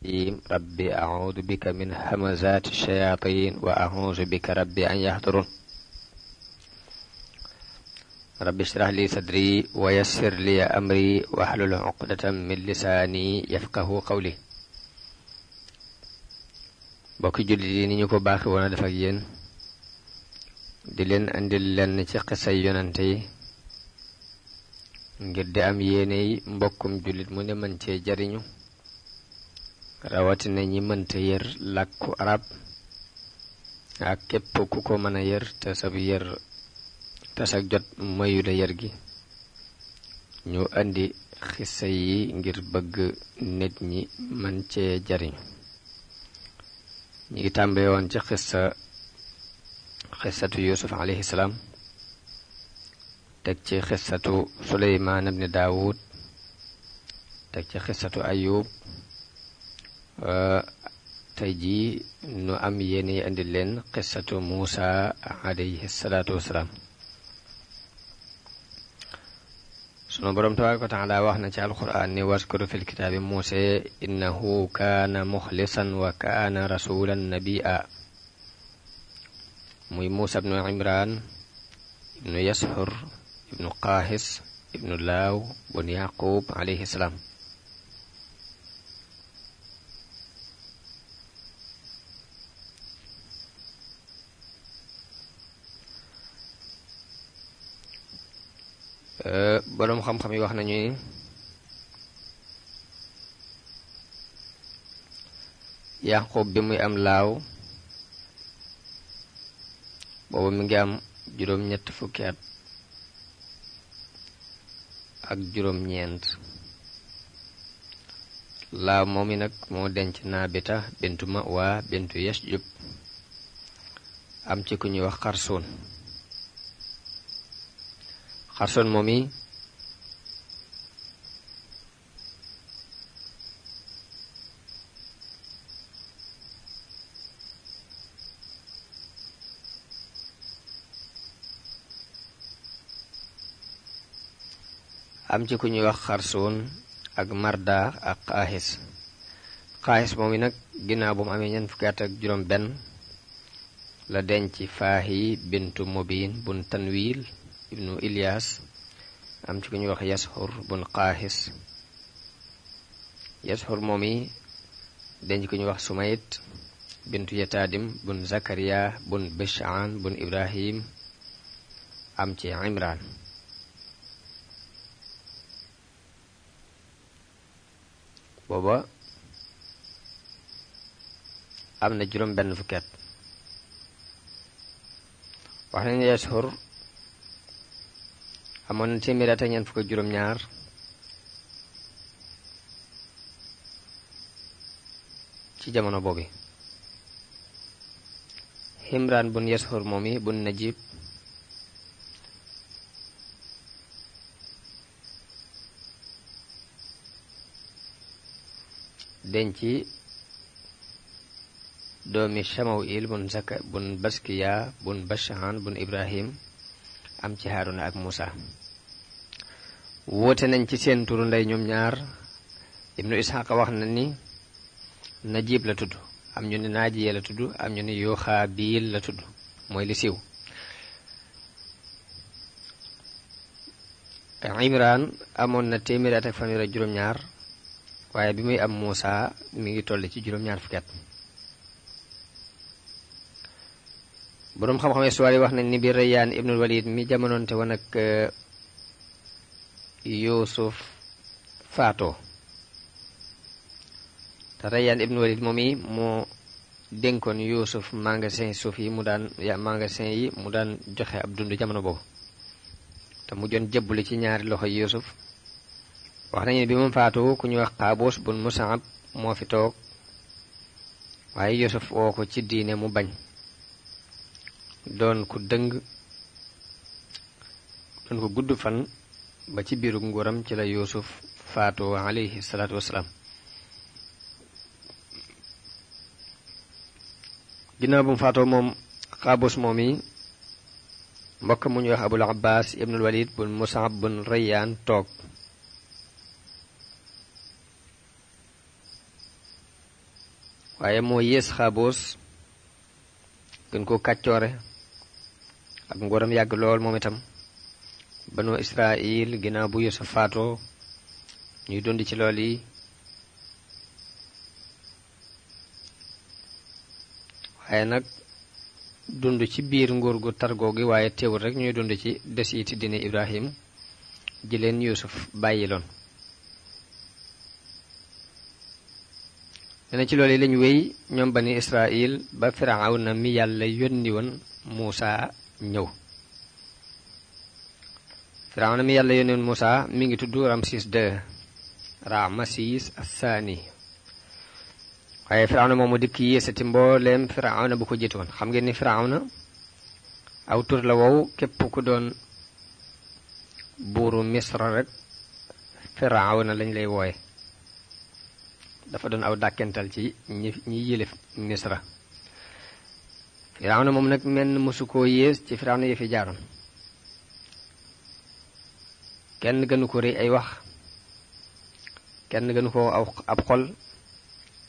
الرجيم رب أعوذ بك من همزات الشياطين وأعوذ بك رب أن يحضرون رب اشرح لي صدري ويسر لي أمري واحلل عقدة من لساني يفقه قولي bokki jullit yi ni ñu ko baaxi woon a def ak di leen andil lenn ci xisay yonante yi ngir di am yéene mbokkum jullit mu ne cee jariñu rawatina ñi mënta yër làkku arab ak képp ku ko mën a yër te sag jot mayu la gi ñu indi xisa yi ngir bëgg nit ñi mën cee jariñ ñi ngi tàmbee woon ci xisa xisatu yusuf alayhi teg ci xisatu suleymaan ibni daawud teg ci xisatu ayub Euh, tey jii nu am yéene indi leen Muusa alayhi salaatu wasalaam borom tabaaraka taala wax na ci alquran ni waskuru fil kitaabi Muusa innahu kaana muxlisan wa kaana rasulan muy Muusa ibnu Imran ibnu Yashur ibnu Qaahis ibnu Laaw bun Yaquub alayhi salaam Eh, boroom xam-xam yi wax nañu ni yaqub bi muy am laaw boobu mi ngi am juróom ñett fukki at ak juróom ñeent laaw moom i nag moo denc bita bintu ma waa bintu yasjub am ci ku ñuy wax xarsuun xarson am ci ku ñuy wax xarsoon ak marda ak xaaxis xaaxis moom yi nag ginnaaw bu mu amee ñeent fukki ak juróom benn la denc faahi bintu mobin bun tanwiil ibnu Ilyas am ci ku ñuy wax Yashur bun Qaahis Yashur moom yi denc ku ñuy wax Sumayit bintu Yataadim bun Zakariya bun Bishaan bun Ibrahim am ci Imran booba am na juróom benn fukket wax nañu Yashur amoon na téeméeri at ak ñeent juróom-ñaar ci jamono boobu Imraan bun Yasxur moom yi bun Najib denc doomi Shamawil bun Zaka bun Baskiya bun Bashaan bun Ibrahim am ci Haaruna ak Muusa woote nañ ci seen turu ndey ñoom ñaar ibnu Isxaaq wax na ni Najiib la tudd am ñu ne Naajiya la tudd am ñu ne Yuxaabiil la tudd mooy li siiw Imraan amoon na téeméeri at ak fanweer ak juróom-ñaar waaye bi muy am Muusa mu ngi toll ci juróom-ñaar fukki boroom xam-xam histoire yi wax na ni bi Rayaan ibnul Walid mi jamonoonte woon ak euh, Yuusuf faatoo te Rayaan ibnul Walid moom yi moo dénkoon Yuusuf magasin suuf yi mu daan ya magasin yi mu daan joxe ab dund jamono boobu te mu joon jëbbali ci ñaari loxo Yuusuf wax nañu ne bi moom faatoo ku ñuy wax Qaabuus bun Musaab moo fi toog waaye Yuusuf woo ko ci diine mu bañ doon ku dëng doon ko gudd fan ba ci biiru nguuram ci la yuusuf faatu alayhi salaatu wasalaam ginnaaw bu mu faatoo moom xaabus moom yi mbokk mu ñuy wax abul abbas ibnul walid bun musab bun rayaan toog waaye moo yées xaabus gën ko kàccoore ak ngóoram yàgg lool moom itam banu israil ginnaaw bu yusuf faatoo ñuy dund ci lool yi waaye nag dund ci biir nguur gu targoo gi waaye teewul rek ñuy dund ci des iti dine ibrahim ji leen yusuf bàyyiloon dana ci lool yi lañ wéy ñoom bani israil ba firawna mi yàlla yónni woon muusa ñëw firawna mi yàlla yónnoon Musaa mi ngi tudd Ramsis II Ramsis Assaani waaye firawna moomu dikk yéesati mbooleem firawna bu ko jiitoon xam ngeen ni firawna aw tur la wow képp ku doon buuru Misra rek firawna lañ lay wooye dafa doon aw dàkkental ci ñi ñi yilif Misra na moom nag menn mësu koo yées ci firawna yi fi jaaroon kenn gënu ko rëy ay wax kenn gënu ko aw ab xol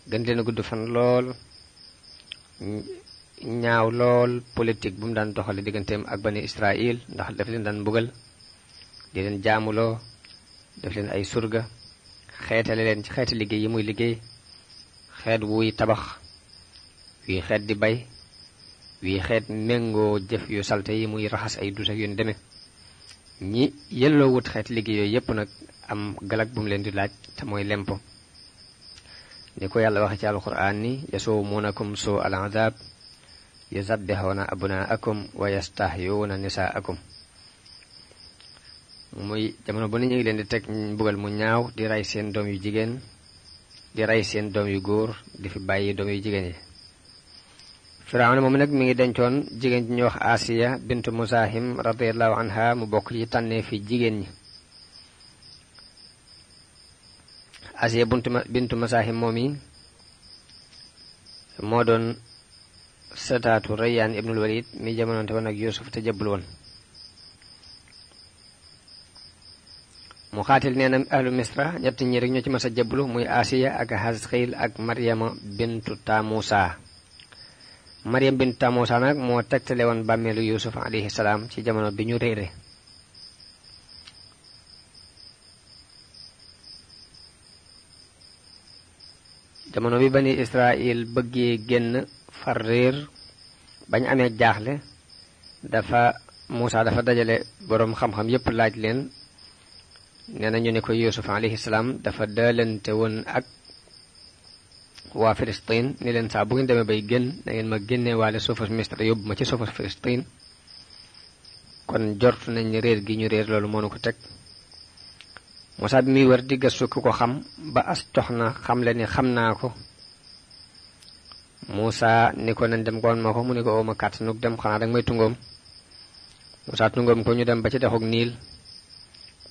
gën leen a gudd fan lool ñaaw lool politique bu mu daan doxale digganteem ak bani Israël ndax daf leen daan mbugal di leen jaamuloo def leen ay surga xeetale leen ci xeeti liggéey yi muy liggéey xeet wuy tabax wuy xeet di bay wii xeet mengoo jëf yu salte yi muy raxas ay dus ak yu ñi yelloo wut xeet liggéey yooyu yëpp nag am galag bu mu leen di laaj te mooy lempo ni ko yàlla waxe ci alquran ni yasumuunakum suu al adab yusabbixuuna abnaakum wa yastahyuuna nisaakum muy jamono ba ne ñu ngi leen di teg mbugal mu ñaaw di ray seen doom yu jigéen di rey seen doom yu góor di fi bàyyi doom yu jigéen yi firawna moom nag mi ngi dencoon jigéen ji ñuy wax asiya bint musahim radiallahu anha mu bokk ci tànnee fi jigéen ñi asiya bintu musahim moom yi moo doon sataatu rayaan ibnul walid mi jamonoonte woon ak yusuf te jëbbul woon mu xaatil nee na ahlu misra ñett ñi rek ñoo ci mas a jëbblu muy asiya ak hasxil ak maryama bintu tamusa Maryam bint Muusaa nag moo tegtale woon bàmmeelu Yuusuf alayhi salaam ci jamono bi ñu réere jamono bi bani Israil bëggee génn far réer bañ amee jaaxle dafa Muusaa dafa dajale boroom xam-xam yépp laaj leen nee na ñu ne ko Yuusuf alayhi salaam dafa daalante woon ak waa Filistin ni leen saa bu ngeen demee bay génn da ngeen ma génnee waale suufas Misra yóbbu ma ci suufas Filistin kon jort nañ réer gi ñu réer loolu moo nu ko teg Musaa bi muy wër di gëstu ku ko xam ba as jox na xam le ni xam naa ko Musaa ni ko nañ dem ko ma ko mu ne ko ooma kàttanug dem xanaa danga may tungoom Musaa tungoom ko ñu dem ba ci dexug niil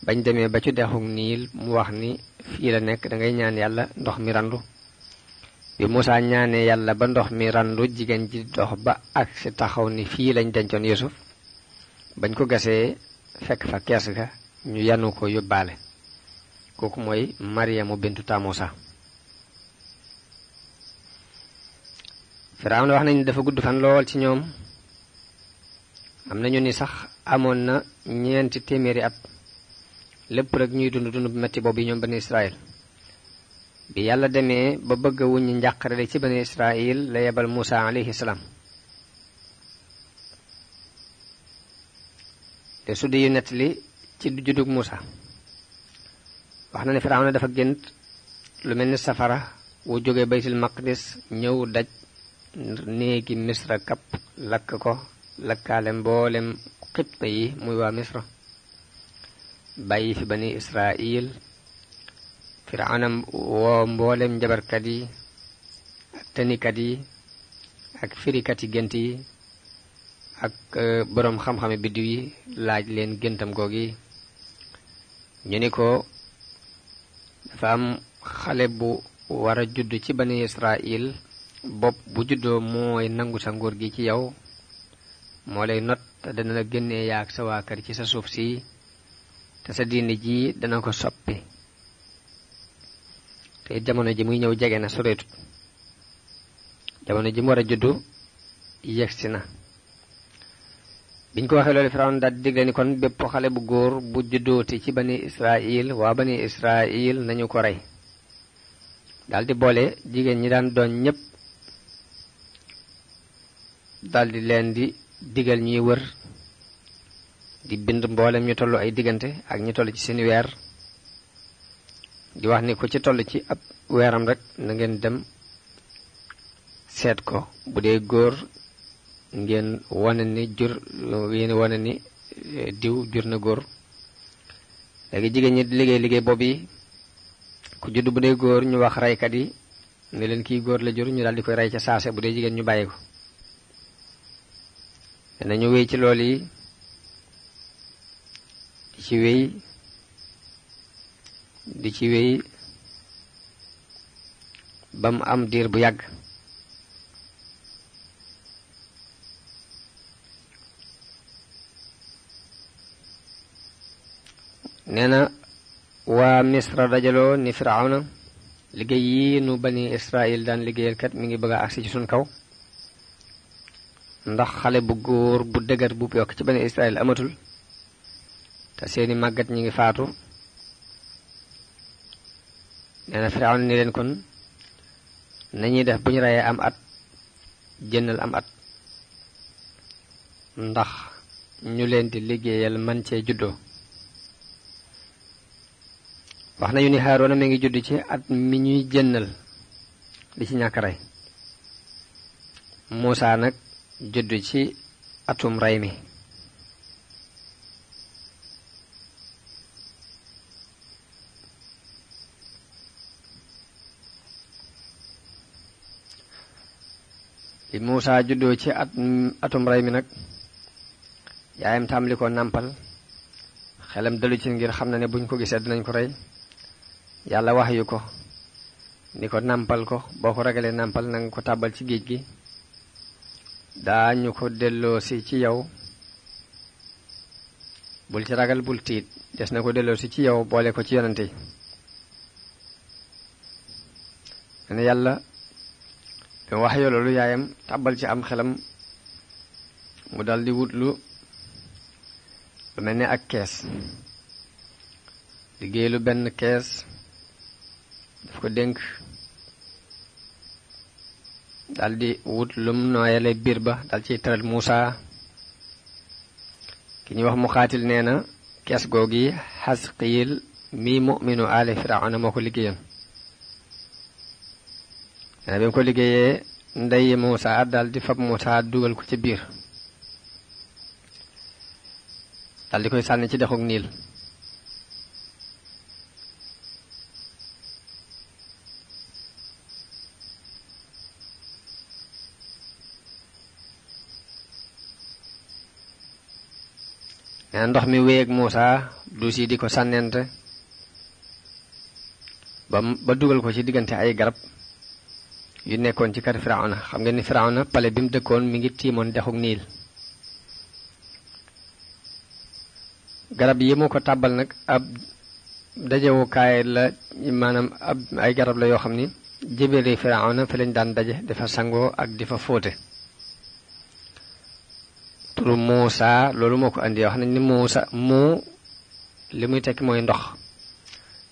bañ demee ba ci dexug niil mu wax ni fii la nekk da ngay ñaan yàlla ndox mi randu bi Moussa ñaane yàlla ba ndox mi randu jigéen ji dox ba ak si taxaw ni fii lañ dencoon Yuusuf bañ ko gasee fekk fa kees ga ñu yanu ko yóbbaale kooku mooy Maryamu bintu Taamusa Firawna wax nañu dafa gudd fan lool ci ñoom am nañu ni sax amoon na ñeenti téeméeri at lépp rek ñuy dund dund bu metti boobu yi ñoom ba Bani Israël bi yàlla demee ba bëgg a wuññi njàqare ci bani israil la yebal Muusa alayhi salaam te su di yu nettali ci juddug Muusa wax na ne Firawna dafa gént lu mel ni safara wu jóge baytul maqdis ñëw daj néegi misra kapp lakk ko lakkaale mboolem xibta yi muy waa misra bàyyi fi bani israil firaana woo mboolem njabarkat yi ak tënikat yi ak firikat yi gént yi ak e, boroom xam-xame biddiw yi laaj leen géntam googi ñu ni ko dafa am xale bu war a judd ci bani Israil bopp bu juddoo mooy nangu sa nguur gi ci yow moo lay not te dana la génnee yaag sa waa kër ci sa suuf si te sa diine ji dana ko soppi te jamono ji muy ñëw jege na soreetut jamono ji mu war a juddu yegsi na biñ ko waxee loolu Firawna daal digle ni kon bépp xale bu góor bu juddooti ci bani Israil waa bani Israil nañu ko rey daldi boole jigéen ñi daan doon ñépp daldi leen di digal ñuy wër di bind mboolem ñu tollu ay diggante ak ñu tollu ci seen weer di wax ni ko ci toll ci ab weeram rek na ngeen dem seet ko bu dee góor ngeen wane ni jur yéen wane ni eh, diw jur na góor léegi jigéen ñi di liggéey liggéey boobu yi ku judd bu dee góor ñu wax reykat yi ne leen kii góor la jur ñu daal di koy rey ca saase bu dee jigéen ñu bàyyi ko danañu wéy ci lool yi ci wéy di ci wéy ba mu am diir bu yàgg nee na waa misra dajaloo ni firawna liggéey yi nu bani israil daan liggéeyal mi ngi bëgg a agsi ci suñ kaw ndax xale bu góor bu dëgër bu yokk ci bani israil amatul te seeni màgget ñi ngi faatu nee na Firawna ni leen kon nañuy def bu ñu reyee am at jëndal am at ndax ñu leen di liggéeyal man cee juddoo wax nañu ni Haaruna mi ngi juddu ci at mi ñuy jënnal li ci ñàkk rey Muusaa nag judd ci atum rey mi bi Muusa juddoo ci at atum rey mi nag yaayam tàmbali ko nàmpal xelam dalu ci ngir xam na ne buñ ko gisee dinañ ko rey yàlla wax yu ko ni ko nàmpal ko boo ko ragalee nàmpal na ko tàbbal ci géej gi daañu ko delloosi ci yow bul ci ragal bul tiit des na ko delloosi ci yow boole ko ci yonante yi ne yàlla wax yoo loolu yaayam tàbbal ci am xelam mu daldi di wut lu lu mel ne ak kees liggéey lu benn kees daf ko dénk daldi wut lum nooyale biir ba dal tëral Muusa ki ñuy wax mu xaatil nee na kees googi xasqiyil mii mu'minu aali firawna moo ko liggéeyoon nee ko liggéeyee ndey Muusa daal dugal ko ci biir daal koy sànni ci dexug niil ndox mi wéy ak Muusa duus yi di ko sànnente ba ba dugal ko ci diggante ay garab yu nekkoon ci kër Firawna xam nga ni na pale bi mu dëkkoon mi ngi tiimoon dexuk niil garab yi moo ko tàbbal nag ab dajewukaay la maanaam ab ay garab la yoo xam ni jébéeri Firawna na lañ daan daje di fa sangoo ak di fa fóote turu Muusa loolu moo ko indi wax nañ ni Muusa mu li muy tekki mooy ndox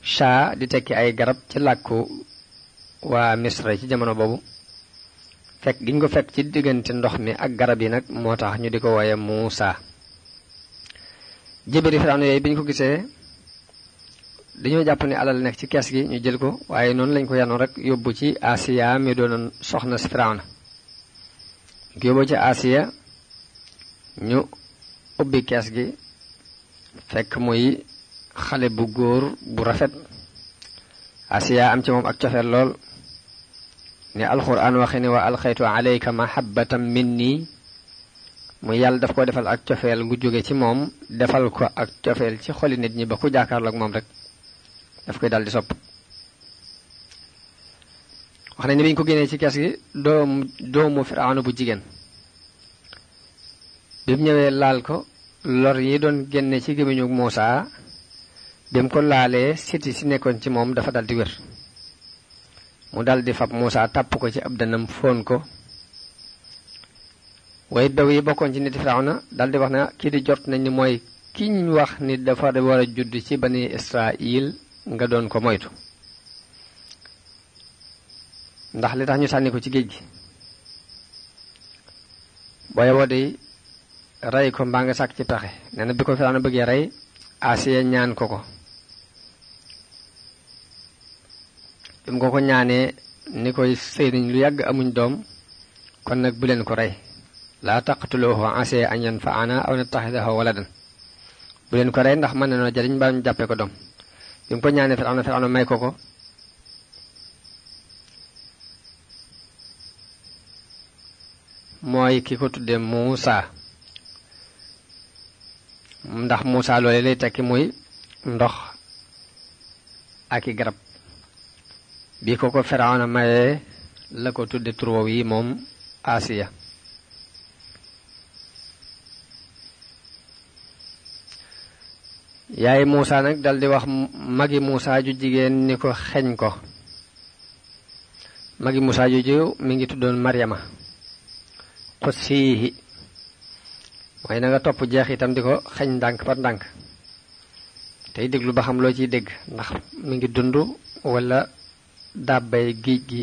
sha di tekki ay garab ci làkku waa misra ci jamono boobu fekk giñ ko fekk ci diggante ndox mi ak garab yi nag moo tax ñu di ko wooye Muusa jébéri Firawna yooyu bi ñu ko gisee dañoo jàpp ne alal nekk ci kees gi ñu jël ko waaye noonu lañ ko yanoon rek yóbbu ci Asiya mi doonoon soxna si Firawna ko yóbbu ci Asiya ñu ubbi kees gi fekk muy xale bu góor bu rafet Asiya am ci moom ak cofeel lool ne alxuraan waxe ne wa alxaytu alayka mahabbatan minni mu yàlla daf ko defal ak cofeel gu jóge ci moom defal ko ak cofeel ci xoli nit ñi ba ku jàkkaarloog moom rek daf koy daldi sopp wax nañ ne bi ñu ko génnee ci kees gi doomu firaana bu jigéen bi mu ñëwee laal ko lor yi doon génne ci gémmiñu Muusaa bi mu ko laalee siti si nekkoon ci moom dafa daldi wér mu daldi fab Muusaa tàpp ko ci ab danam foon ko way daw yi bokkoon ci niti Firawna daldi wax na kii di jot nañ ni mooy ki ñu wax ni dafa war a judd ci bani Israil nga doon ko moytu ndax li tax ñu sànni ko ci géej gi booy woo de rey ko mbaa ngi sàkk ci pexe nee na bi ko Firawna bëggee rey Asiya ñaan ko ko bi mu ko ko ñaanee ni koy sëy nañ lu yàgg amuñ doom kon nag bu leen ko rey laa taqtuluhu ase an yanfa'ana aw nattaxidahu waladan bu leen ko rey ndax mën na noo jariñ mbaa jàppee ko doom bi mu ko ñaanee Firawna Firawna may ko ko mooy ki ko tuddee Muusa ndax Muusa loole lay tekki muy ndox ak i garab bi ko ko Firawna mayee la ko tudde turwaw yi moom Asiya yaay Muusa nag daldi wax magi Muusa ju jigéen ni ko xeeñ ko magi Muusa ju jiw mi ngi tuddoon Maryama xusiihi mooy na nga topp jeex itam di ko xeeñ ndànk par ndànk tey déglu ba xam loo ciy dégg ndax mi ngi dund walla dàbbay géej gi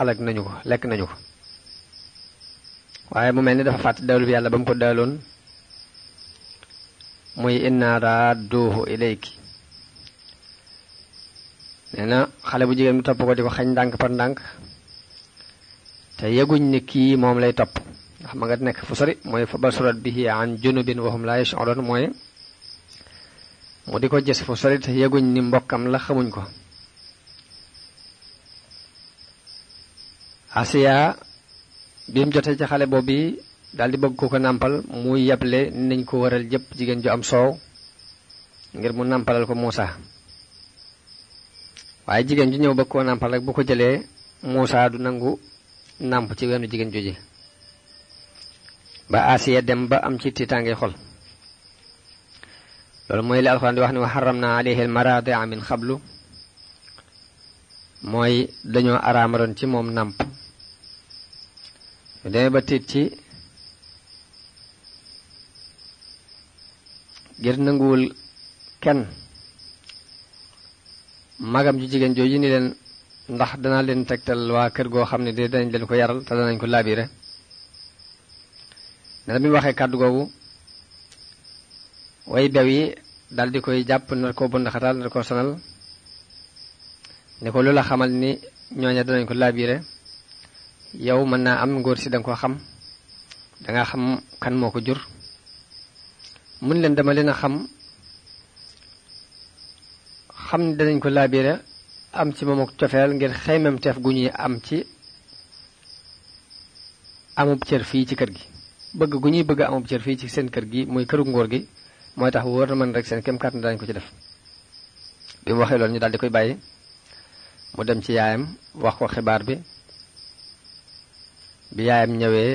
alag nañu ko lekk nañu ko waaye mu mel ni dafa fàtte dawlu bi yàlla ba mu ko daaloon muy inna raadduuhu ilayki nee na xale bu jigéen bi topp ko di ko xañ ndànk par ndànk te yëguñ ni kii moom lay topp ndax ma nga nekk fu sori mooy fa basurat bihi an junubin wa hum laa yash'uruun mooy mu di ko gis fu sori te yëguñ ni mbokkam la xamuñ ko Asiya bi mu jotee ci xale boobu bi daal di bëgg ku ko nàmpal mu yeble nañ ko waral jëpp jigéen ju am soow ngir mu nàmpalal ko Muusa waaye jigéen ju ñëw bëgg koo nàmpal rek bu ko jëlee Muusa du nangu nàmp ci weenu jigéen joji ba Asiya dem ba am ci tiitaange xol loolu mooy li alxuraan di wax ni wa xaram na alayhi al maradia xablu mooy dañoo araamaloon ci moom nàmp bu demee ba tiit ci ngir nanguwul kenn magam ju jigéen jooju ni leen ndax danaa leen tegtal waa kër goo xam ne de danañ leen ko yaral te danañ ko laabire nena bi mu waxee kàddu googu way bew yi daal di koy jàpp na ko bënd xataal na koo sanal ne ko loola xamal ni ñooña danañ ko laabire yow mën naa am ngóor si da nga ko xam da xam kan moo ko jur mun leen dama leen a xam xam ne danañ ko laabire am ci moom ak cofeel ngir xeymam teef gu ñuy am ci amub cër fii ci kër gi bëgg gu ñuy bëgg amub cër fii ci seen kër gi muy këru ngóor gi mooy tax wóor na mën rek seen kem kàttan danañ ko ci def bi mu waxee loolu ñu daal di koy bàyyi mu dem ci yaayam wax ko xibaar bi bi yaayam ñëwee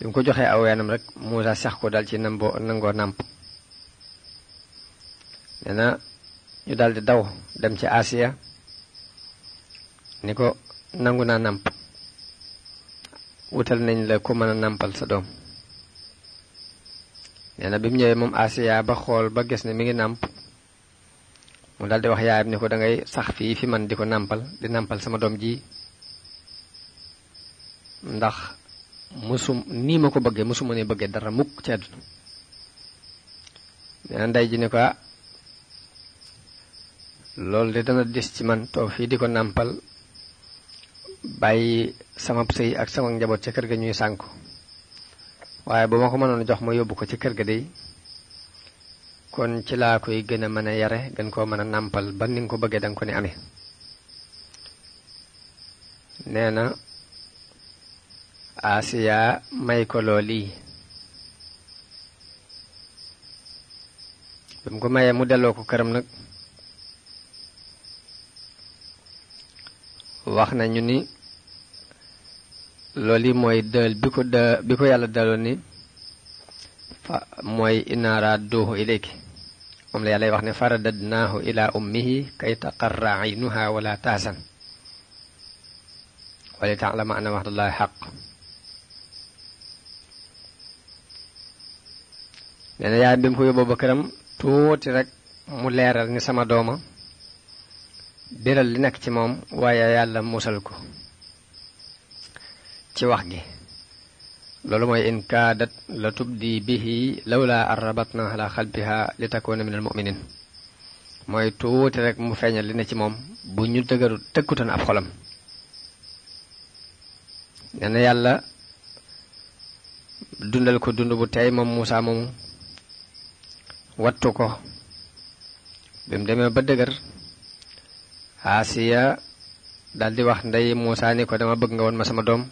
bi mu ko joxee aw weenam rek Muusa sax ko dal ci namboo nangoo nàmp nee na ñu daldi daw dem ci Asiya ni ko nangu naa nàmp wutal nañ la ku mën a nàmpal sa doom nee na bi mu ñëwee moom Asiya ba xool ba gis ne mi ngi nàmp mu daldi wax yaayam ni ko dangay ngay sax fii fi man di ko nàmpal di nàmpal sama doom jii ndax mësum nii ma ko bëggee mësuma ne bëggee dara mukk ci àdduna nee na ndey ji ne ko ah loolu de dana des ci man toog fii di ko nàmpal bàyyi sama sëy ak sama njaboot ca kër ga ñuy sànku waaye bu ma ko mënoon jox ma yóbbu ko ci kër ga day kon ci laa koy gën a mën a yare gën koo mën a nàmpal ba ni nga ko bëggee danga ko ne amee nee na Asiya may ko loo lii bi mu ko mayee mu delloo ko këram nag wax nañu ni loolu yi mooy dël bi ko dë bi ko yàlla daloon ni fa mooy inaara duuxu ilayki moom la yàlla wax ne faradadnaahu ila ummihi kay taqarra aynuha wala taasan wali taalama ana waxdullahi xaq nee na yaay bi mu ko yóbboo ba këram tuuti rek mu leeral ni sama dooma biral li nekk ci moom waaye yàlla musal ko ci wax gi loolu mooy in kaadat la tubdi bihi lawla an rabatna ala xalbiha li takuna min al mooy tuuti rek mu feeñal li ne ci moom bu ñu dëgëru tëkkutoon ab xolam nee yàlla dundal ko dund bu tey moom Muusaa moomu wattu ko bi mu demee ba dëgër Asiya daldi wax ndey Muusaa ni ko dama bëgg nga woon ma sama doom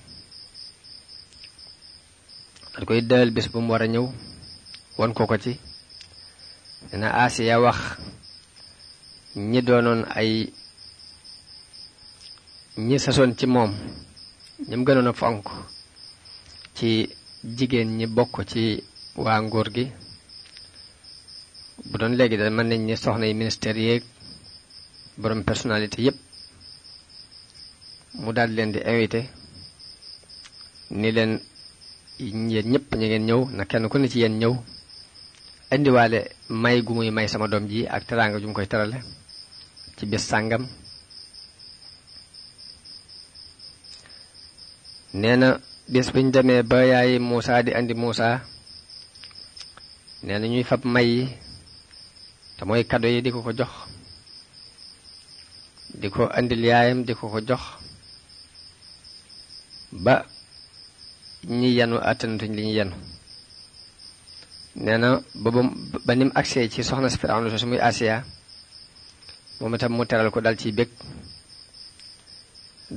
dal koy dël bis bu mu war a ñëw won ko ko ci dina Asiya wax ñi doonoon ay ñi sasoon ci moom ñi mu gënoon a fonk ci jigéen ñi bokk ci waa nguur gi bu doon léegi da mën nañ ne soxna yi ministère yeeg borom yépp mu daldi leen di invité ni leen yéen ñëpp ñu ngeen ñëw na kenn ku ne ci yéen ñëw indiwaale may gu muy may sama doom ji ak teraanga ju mu koy tarale ci bés sàngam nee na bés bi demee ba yaayi Moussa di indi Moussa nee na ñuy fab may yi te mooy yi di ko ko jox di ko andil yaayam di ko ko jox ba ñi yanu àttanatuñ li ñu yanu nee na booba ba nim agsee ci soxna si Firawna su muy Asiya moom itam mu teral ko dal ciy bég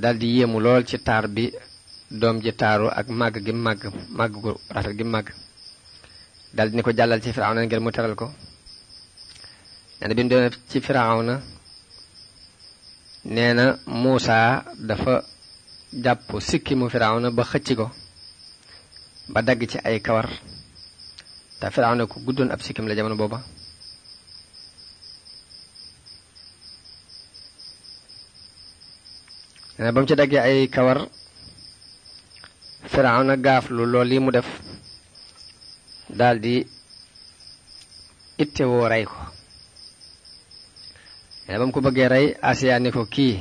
dal di yéemu lool ci taar bi doom ji taaru ak màgg gi màgg màgg gu rafet gi màgg dal di ni ko jàllal ci Firawna ngir mu teral ko nee na bi mu demee ci Firawna nee na Muusa dafa jàpp sikki mu Firawna ba xëcc ko ba dagg ci ay kawar te Firawna ku guddoon ab sikkim la jamono booba nee na ba mu ci daggee ay kawar Firawna gaaflu lool li mu def daldi ittewoo rey ko mais ba mu ko bëggee rey Asiya ni ko kii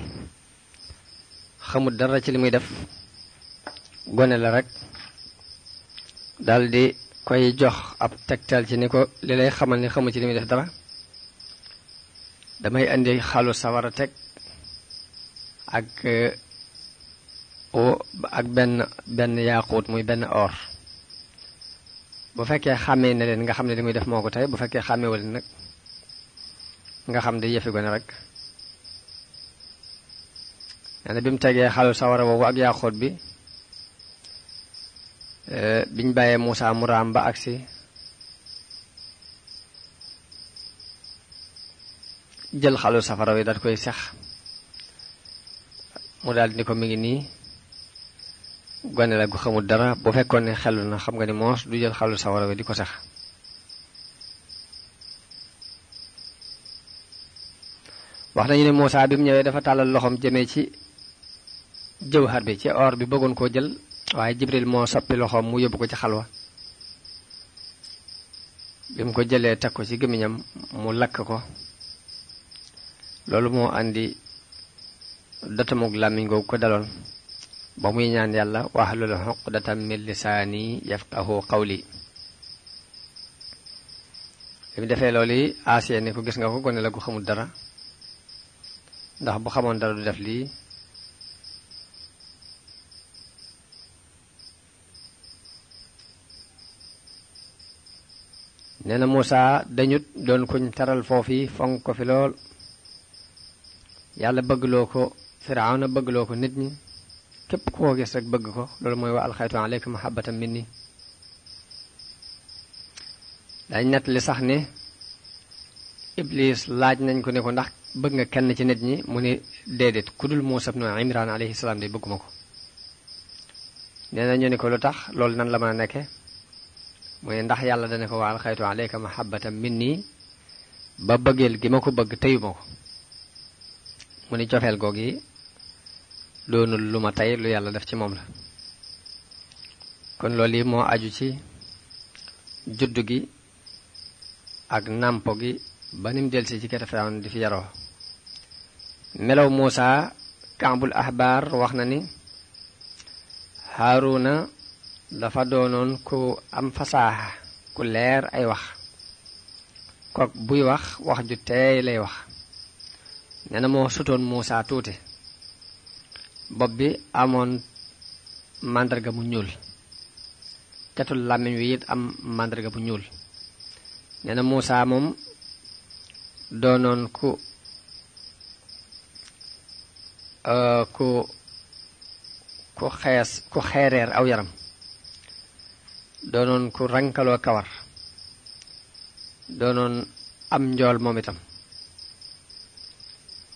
xamul dara ci li muy def gone la rek daldi koy jox ab tegtal ci ni ko li lay xamal ni xamul ci li muy def dara damay indi xalu a teg ak uh, ak benn benn yaaquut muy benn or bu fekkee xàmmee ne leen nga xam ne li muy def moo ko tey bu fekkee xàmmee wala nag nga xam di yëfi gone rek nee bi mu tegee xalu sawara boobu ak yaaxóot bi eh, biñ bàyyee Moussa mu raam ba agsi jël xalu safara wi daal koy sex mu daal ni ko mi ngi nii gone la gu xamul dara bu fekkoon ne xelu na xam nga ni moos du jël xalu sawara wi di ko sex wax nañu ne Moussa bi mu ñëwee dafa tàllal loxoom jëmee ci jëwhar bi ci or bi bëggoon koo jël waaye Jibril moo soppi loxoom mu yóbbu ko ci xalwa bi mu ko jëlee teg ko ci gémmiñam mu lakk ko loolu moo andi dotamug làmmiñ googu ko daloon ba muy ñaan yàlla wahlul uqdatam min lisaani yafqahu qawli bi mu defee loolu yi aasiya ni ko gis nga ko gone la ko xamul dara ndax bu xamoon dara du def lii nee na Muusaa dañut doon kuñ taral foofu fonk ko fi lool yàlla bëggloo ko Firawna bëggloo ko nit ñi képp koo gis rek bëgg ko loolu mooy wa alxaytu aleyka mahabbatan minni dañ nettali sax ne Iblis laaj nañ ko ne ko ndax bëgg nga kenn ci nit ñi mu ne déedéet ku dul Muusaa ibnu Imraan alayhi salaam bëgguma ko nee na ñu ne ko lu tax loolu nan la mën a nekke mu ne ndax yàlla dana ko waal xaytu aleyka mahabbatan minni ba bëggeel gi ma ko bëgg teyuma ko mu ni cofeel goog yi doonul lu ma tey lu yàlla def ci moom la kon loolu yi moo aju ci juddu gi ak nàmpo gi ba nim delsi ci kete Firawna di fi yaroo melow Muusa Kaabul Ahbaar wax na ni Haaruna dafa doonoon ku am fasaaxa ku leer ay wax kook buy wax wax ju teey lay wax nee na moo sutoon Muusa tuuti bopp bi amoon màndarga bu ñuul ketul làmmiñ wi it am màndarga bu ñuul nee na Muusa moom doonoon ku uh, ku ku xees ku xeereer aw yaram doonoon ku rankaloo kawar doonoon am njool moom itam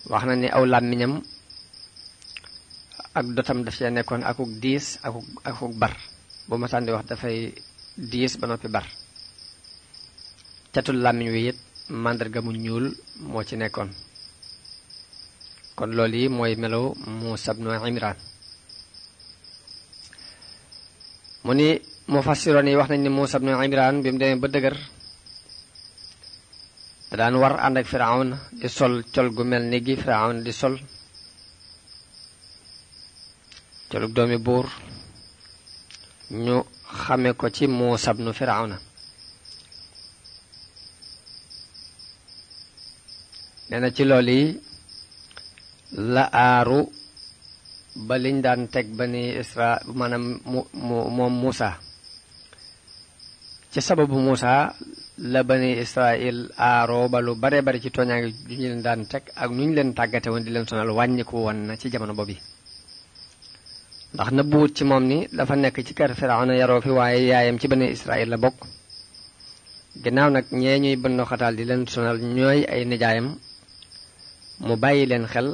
wax na ni aw làmmiñam ak dotam daf cee nekkoon akuk diis akuk akuk bar bu ma tàndi wax dafay diis ba noppi bar catul làmmiñ wi it màndarga mu ñuul moo ci nekkoon kon lool yi mooy melow Muusaa ibnu Imraan mu ni mufassiroon yi wax nañ ne Muusaa ibnu Imraan bi mu demee ba dëgër daan war ànd ak Firawna di sol col gu mel ni gi Firawna di sol colug doomi buur ñu xame ko ci Muusaa ibnu Firawna nee na ci lool yi la aaru ba liñ daan teg bani isra maanaam moom Muusa ci sababu Muusa la bani Israil aaroo ba lu bare bari ci tooñaange ju ñu leen daan teg ak ñu ñu leen tàggate woon di leen sonal wàññiku woon na ci jamono boobu ndax nëbbuwut ci moom ni dafa nekk ci kër Firawna yaroo fi waaye yaayam ci bani Israil la bokk ginnaaw nag ñee ñuy bënn di leen sonal ñooy ay nijaayam mu bàyyi leen xel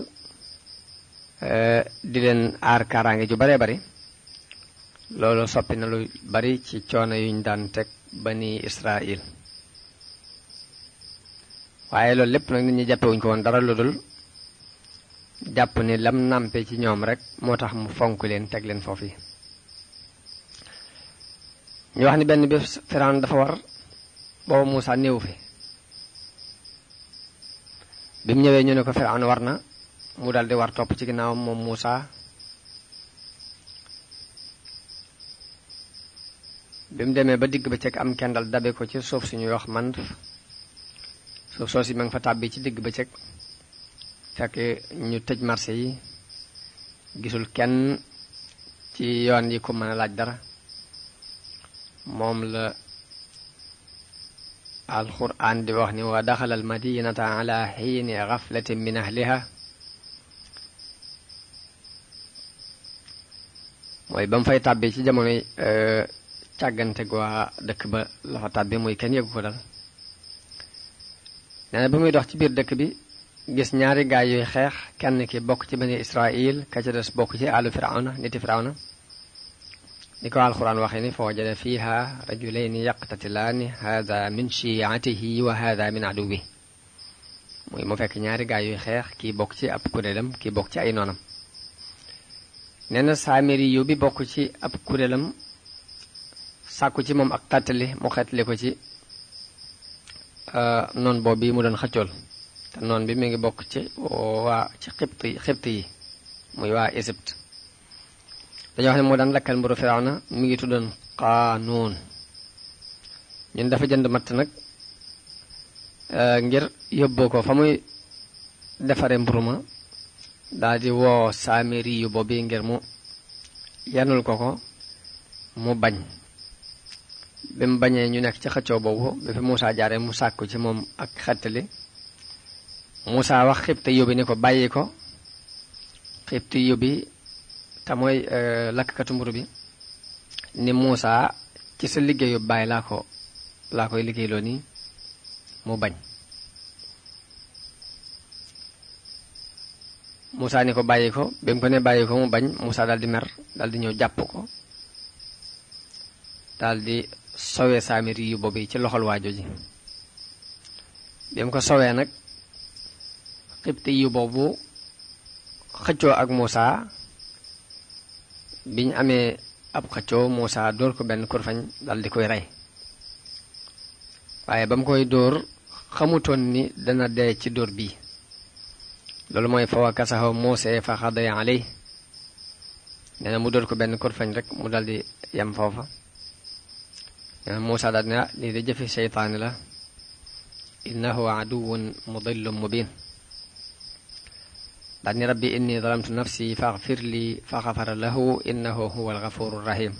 eh, di leen aar kaaraange ju bare bari loolu soppi na lu bari ci coono yu ñu daan teg bani Israil waaye loolu lépp nag nit ñi jàppewuñ ko woon dara lu dul jàpp ni lam nàmpe ci ñoom rek moo tax mu fonk leen teg leen foofu yi ñu wax ni benn bés Firawna dafa war boobu Muusaa néewu fi bi mu ñëwee ñu ne ko Firawna war na mu dal war topp ci ginnaawam moom Muusa bi mu demee ba digg ba cëg am kenn dal dabe ko ci suuf suñuy wax mand suuf soo si ma nga fa tàbbi ci digg ba cëg fekk ñu tëj marché yi gisul kenn ci yoon yi ko mën a laaj dara moom la alquran di wax ni wa daxala almadinata ala xiini gaflatin min ahliha mooy ba mu fay tàbbi ci jamonoy e, càggante gu waa dëkk ba la fa tàbbi muy kenn yëgu ko dal nee ba muy dox ci biir dëkk bi gis ñaari gaay yuy xeex kenn ki bokk ci bani israil ka des bokk ci àllu firawna niti firawna ni ko alxuraan waxee ni fa wajada fiha rajulayni yaqtatilaani hada min shiatihi wa hada min aduwi muy mu fekk ñaari gaay yuy xeex kii bokk ci ab kuréelam kii bokk ci ay noonam nee na saamiri bi bokk ci ab kuréelam sàkku ci moom ak tàttali mu xettali ko ci euh, noon boobu bi mu doon xëccool te noon bi mu ngi bokk ci waa ci xibt xibt yi muy waa Égypte dañoo xam ne moo daan lakkal mburu Firawna mi ngi tuddoon Qaanuun ñun dafa jënd matt nag euh, ngir yóbboo ko fa muy defare mburu ma daal woo saamiri yu boobu ngir mu yanul ko ko mu bañ bi mu bañee ñu nekk ci xëccoo boobu bi fi Moussa jaaree mu sàkku ci moom ak xettali Moussa wax xibta yóbbi ni ko bàyyi ko xibta yóbbi te mooy euh, lakkatu mburu bi ni Moussa ci sa liggéeyu baay laa ko laa koy liggéeyloo nii mu bañ Moussa ni ko bàyyi ko ba mu ko ne bàyyi ko mu bañ Moussa daal di mer daal di ñëw jàpp ko daldi di sowee saamir yu boobu ci loxol waajo ji ba mu ko sowee nag xibti yu boobu xëccoo ak Moussa bi ñu amee ab xëccoo Moussa dóor ko benn kurfañ dal di koy rey waaye ba mu koy dóor xamutoon ni dana dee ci dóor bii loolu mooy fa wakasahu Muusaa fa xadaya aley nee na mu dóor ko benn kurfañ rek mu daldi yam yem foofa nee na Moussa daal ne ah, lii de jëfi seytaane la innahu aduwun mudillun mubin daal ni rabbi inni zalamtu nafsi faghfir li fa xafara lahu innahu huwal ghafurur rahim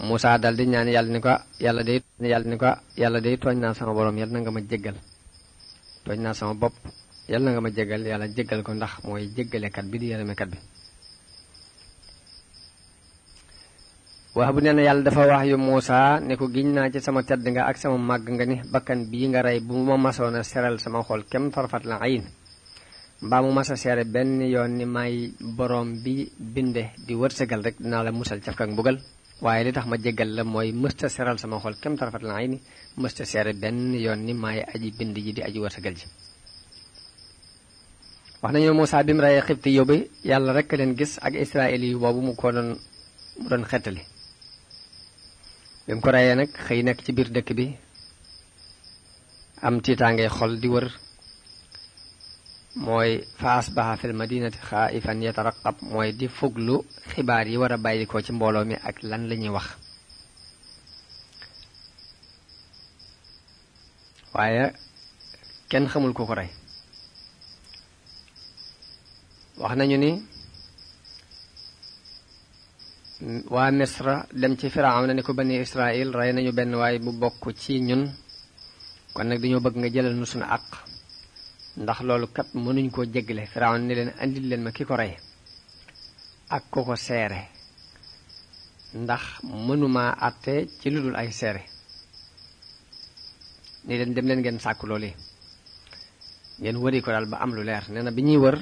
Moussa daal di ñaan yàlla ni ko yàlla day yàlla ni ko yàlla day tooñ naa sama borom yàlla na nga ma jéggal tooñ naa sama bopp yàlla na nga ma jéggal yàlla jéggal ko ndax mooy jéggalekat bi di yërëmekat bi wax bu nee na yàlla dafa wax yu Moussa ne ko giñ naa ci sama tedd nga ak sama màgg nga ni bakkan bii nga rey bu ma masoon a seral sama xol kem farfat la ayin mbaamu masa seere benn yoon ni may borom bi binde di wërsëgal rek dinaa la musal caf ak mbugal waaye li tax ma jéggal la mooy mësta seral sama xol kem tarafat la ay ni mësta seere benn yoon ni maay aji bind ji di aji wërsëgal ji wax nañu Moussa bi mu rayee xibti yóbbu yàlla rek leen gis ak israel yi boobu mu ko doon doon xettali bi ko rayee nag xëy nekk ci biir dëkk bi am tiitaangee xol di wër mooy faas baxa fil madinati xaaifan yataraqab mooy di fuglu xibaar yi war a bàyyikoo ci mbooloo mi ak lan la ñuy wax waaye kenn xamul ku ko rey wax nañu ni waa misra dem ci firaam na ni ko bani israil rey nañu benn waay bu bokk ci ñun kon nag dañoo bëgg nga jëlal na suñu àq ndax loolu kat mënuñ koo jéggale Firawna ni leen andil leen ma ki ko rey ak ku ko seere ndax mënuma àtte ci lu dul ay seere ni leen dem leen ngeen sàkku loolu yi ngeen wëri ko daal ba am lu leer nee na bi ñuy wër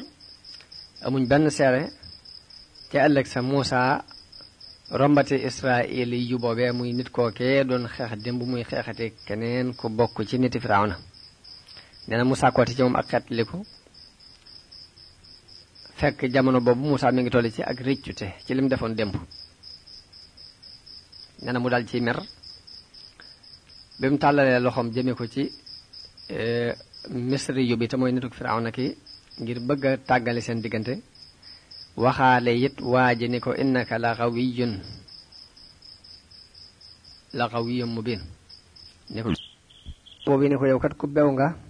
amuñ benn seere ca ëllëg sa Muusa rombati Israel yu boobee muy nit kookee doon xeex démb muy xeexate keneen ko bokk ci niti Firawna nee na Moussa kooti ci moom ak xeetliku fekk jamono boobu Moussa mi ngi toll ci ak rëccute ci li mu defoon démb nee na mu dal ci mer bi mu tàllalee loxoom jëmee ko ci eh, misri yu bi te mooy nituk Firawna ki ngir bëgg a tàggale seen diggante waxaale it waa ji ni ko innaka la xawiyun la xawiyun mubin ni ko boobu ni ko yow kat ku bew nga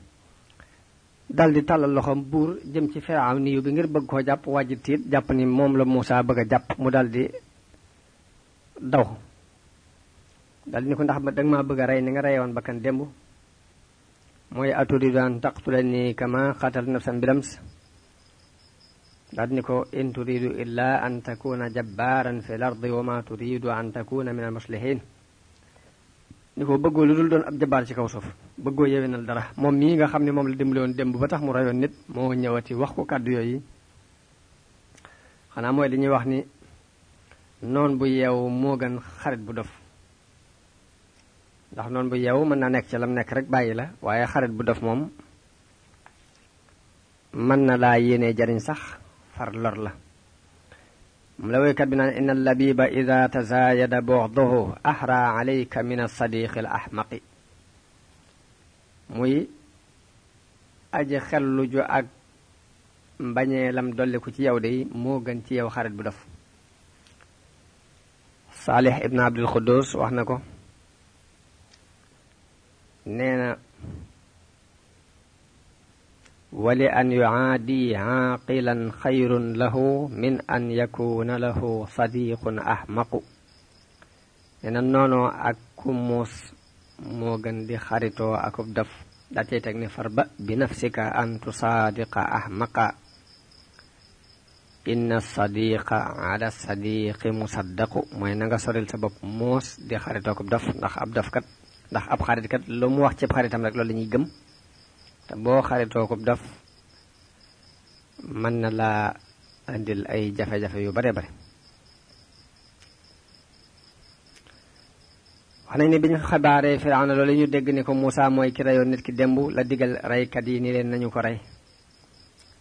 daldi tàllal loxoom buur jëm ci firaaw niyu bi ngir bëgg koo jàpp wàjji tiit jàpp ni moom la Muusaa bëgg a jàpp mu daldi daw daldi ni ko ndax danga maa bëgg a rey ni nga reyewoon bakkan démb mooy aturiidu an taqtulanii kamaa qatalta nafsan bilams daldi ni ko in turiidu illaa an takuuna jabbaaran fil ardi wa maa turiidu an takuuna min al ni ko bëggoo lu dul doon ab jabaar ci kaw suuf bëggoo yewenal dara moom mii nga xam ne moom la dimbali woon démb ba tax mu rayoon nit moo ñëwati wax ko kàddu yooyu xanaa mooy li ñuy wax ni noon bu yeewu moo gën xarit bu dof ndax noon bu yeewu mën naa nekk ci lam nekk rek bàyyi la waaye xarit bu dof moom mën na laa yéene jariñ sax far lor la moom la woykat bi naan inna labiba tazaayada buxduhu ahra alayka min asadiqi al ahmaqi muy aji xelluju ak mbañeelam dolliku ci yow de moo gën ci yow xarit bu dof saalih ibn abdul quddus wax na ko wali an yuaadi aaqilan xayrun lahu min an yakuna lahu sadiqun ahmaqu nee na ak ku moo gën di xaritoo akub daf daa cey teg ne farba bi nafsika an tusaadiqa ahmaqa inna sadiqa ala sadiqi musaddaqu mooy na nga soril sa bopp muus di xaritoo akub daf ndax ab daf kat ndax ab xarit kat lu mu wax ci xaritam rek loolu la ñuy gëm te boo xaritoo ko dof mën na laa indil ay jafe-jafe yu bare bare wax nañ ne bi ñu xabaaree Firawna loolu ñu dégg ni ko Muusaa mooy ki reyoon nit ki démb la digal reykat yi ni leen nañu ko rey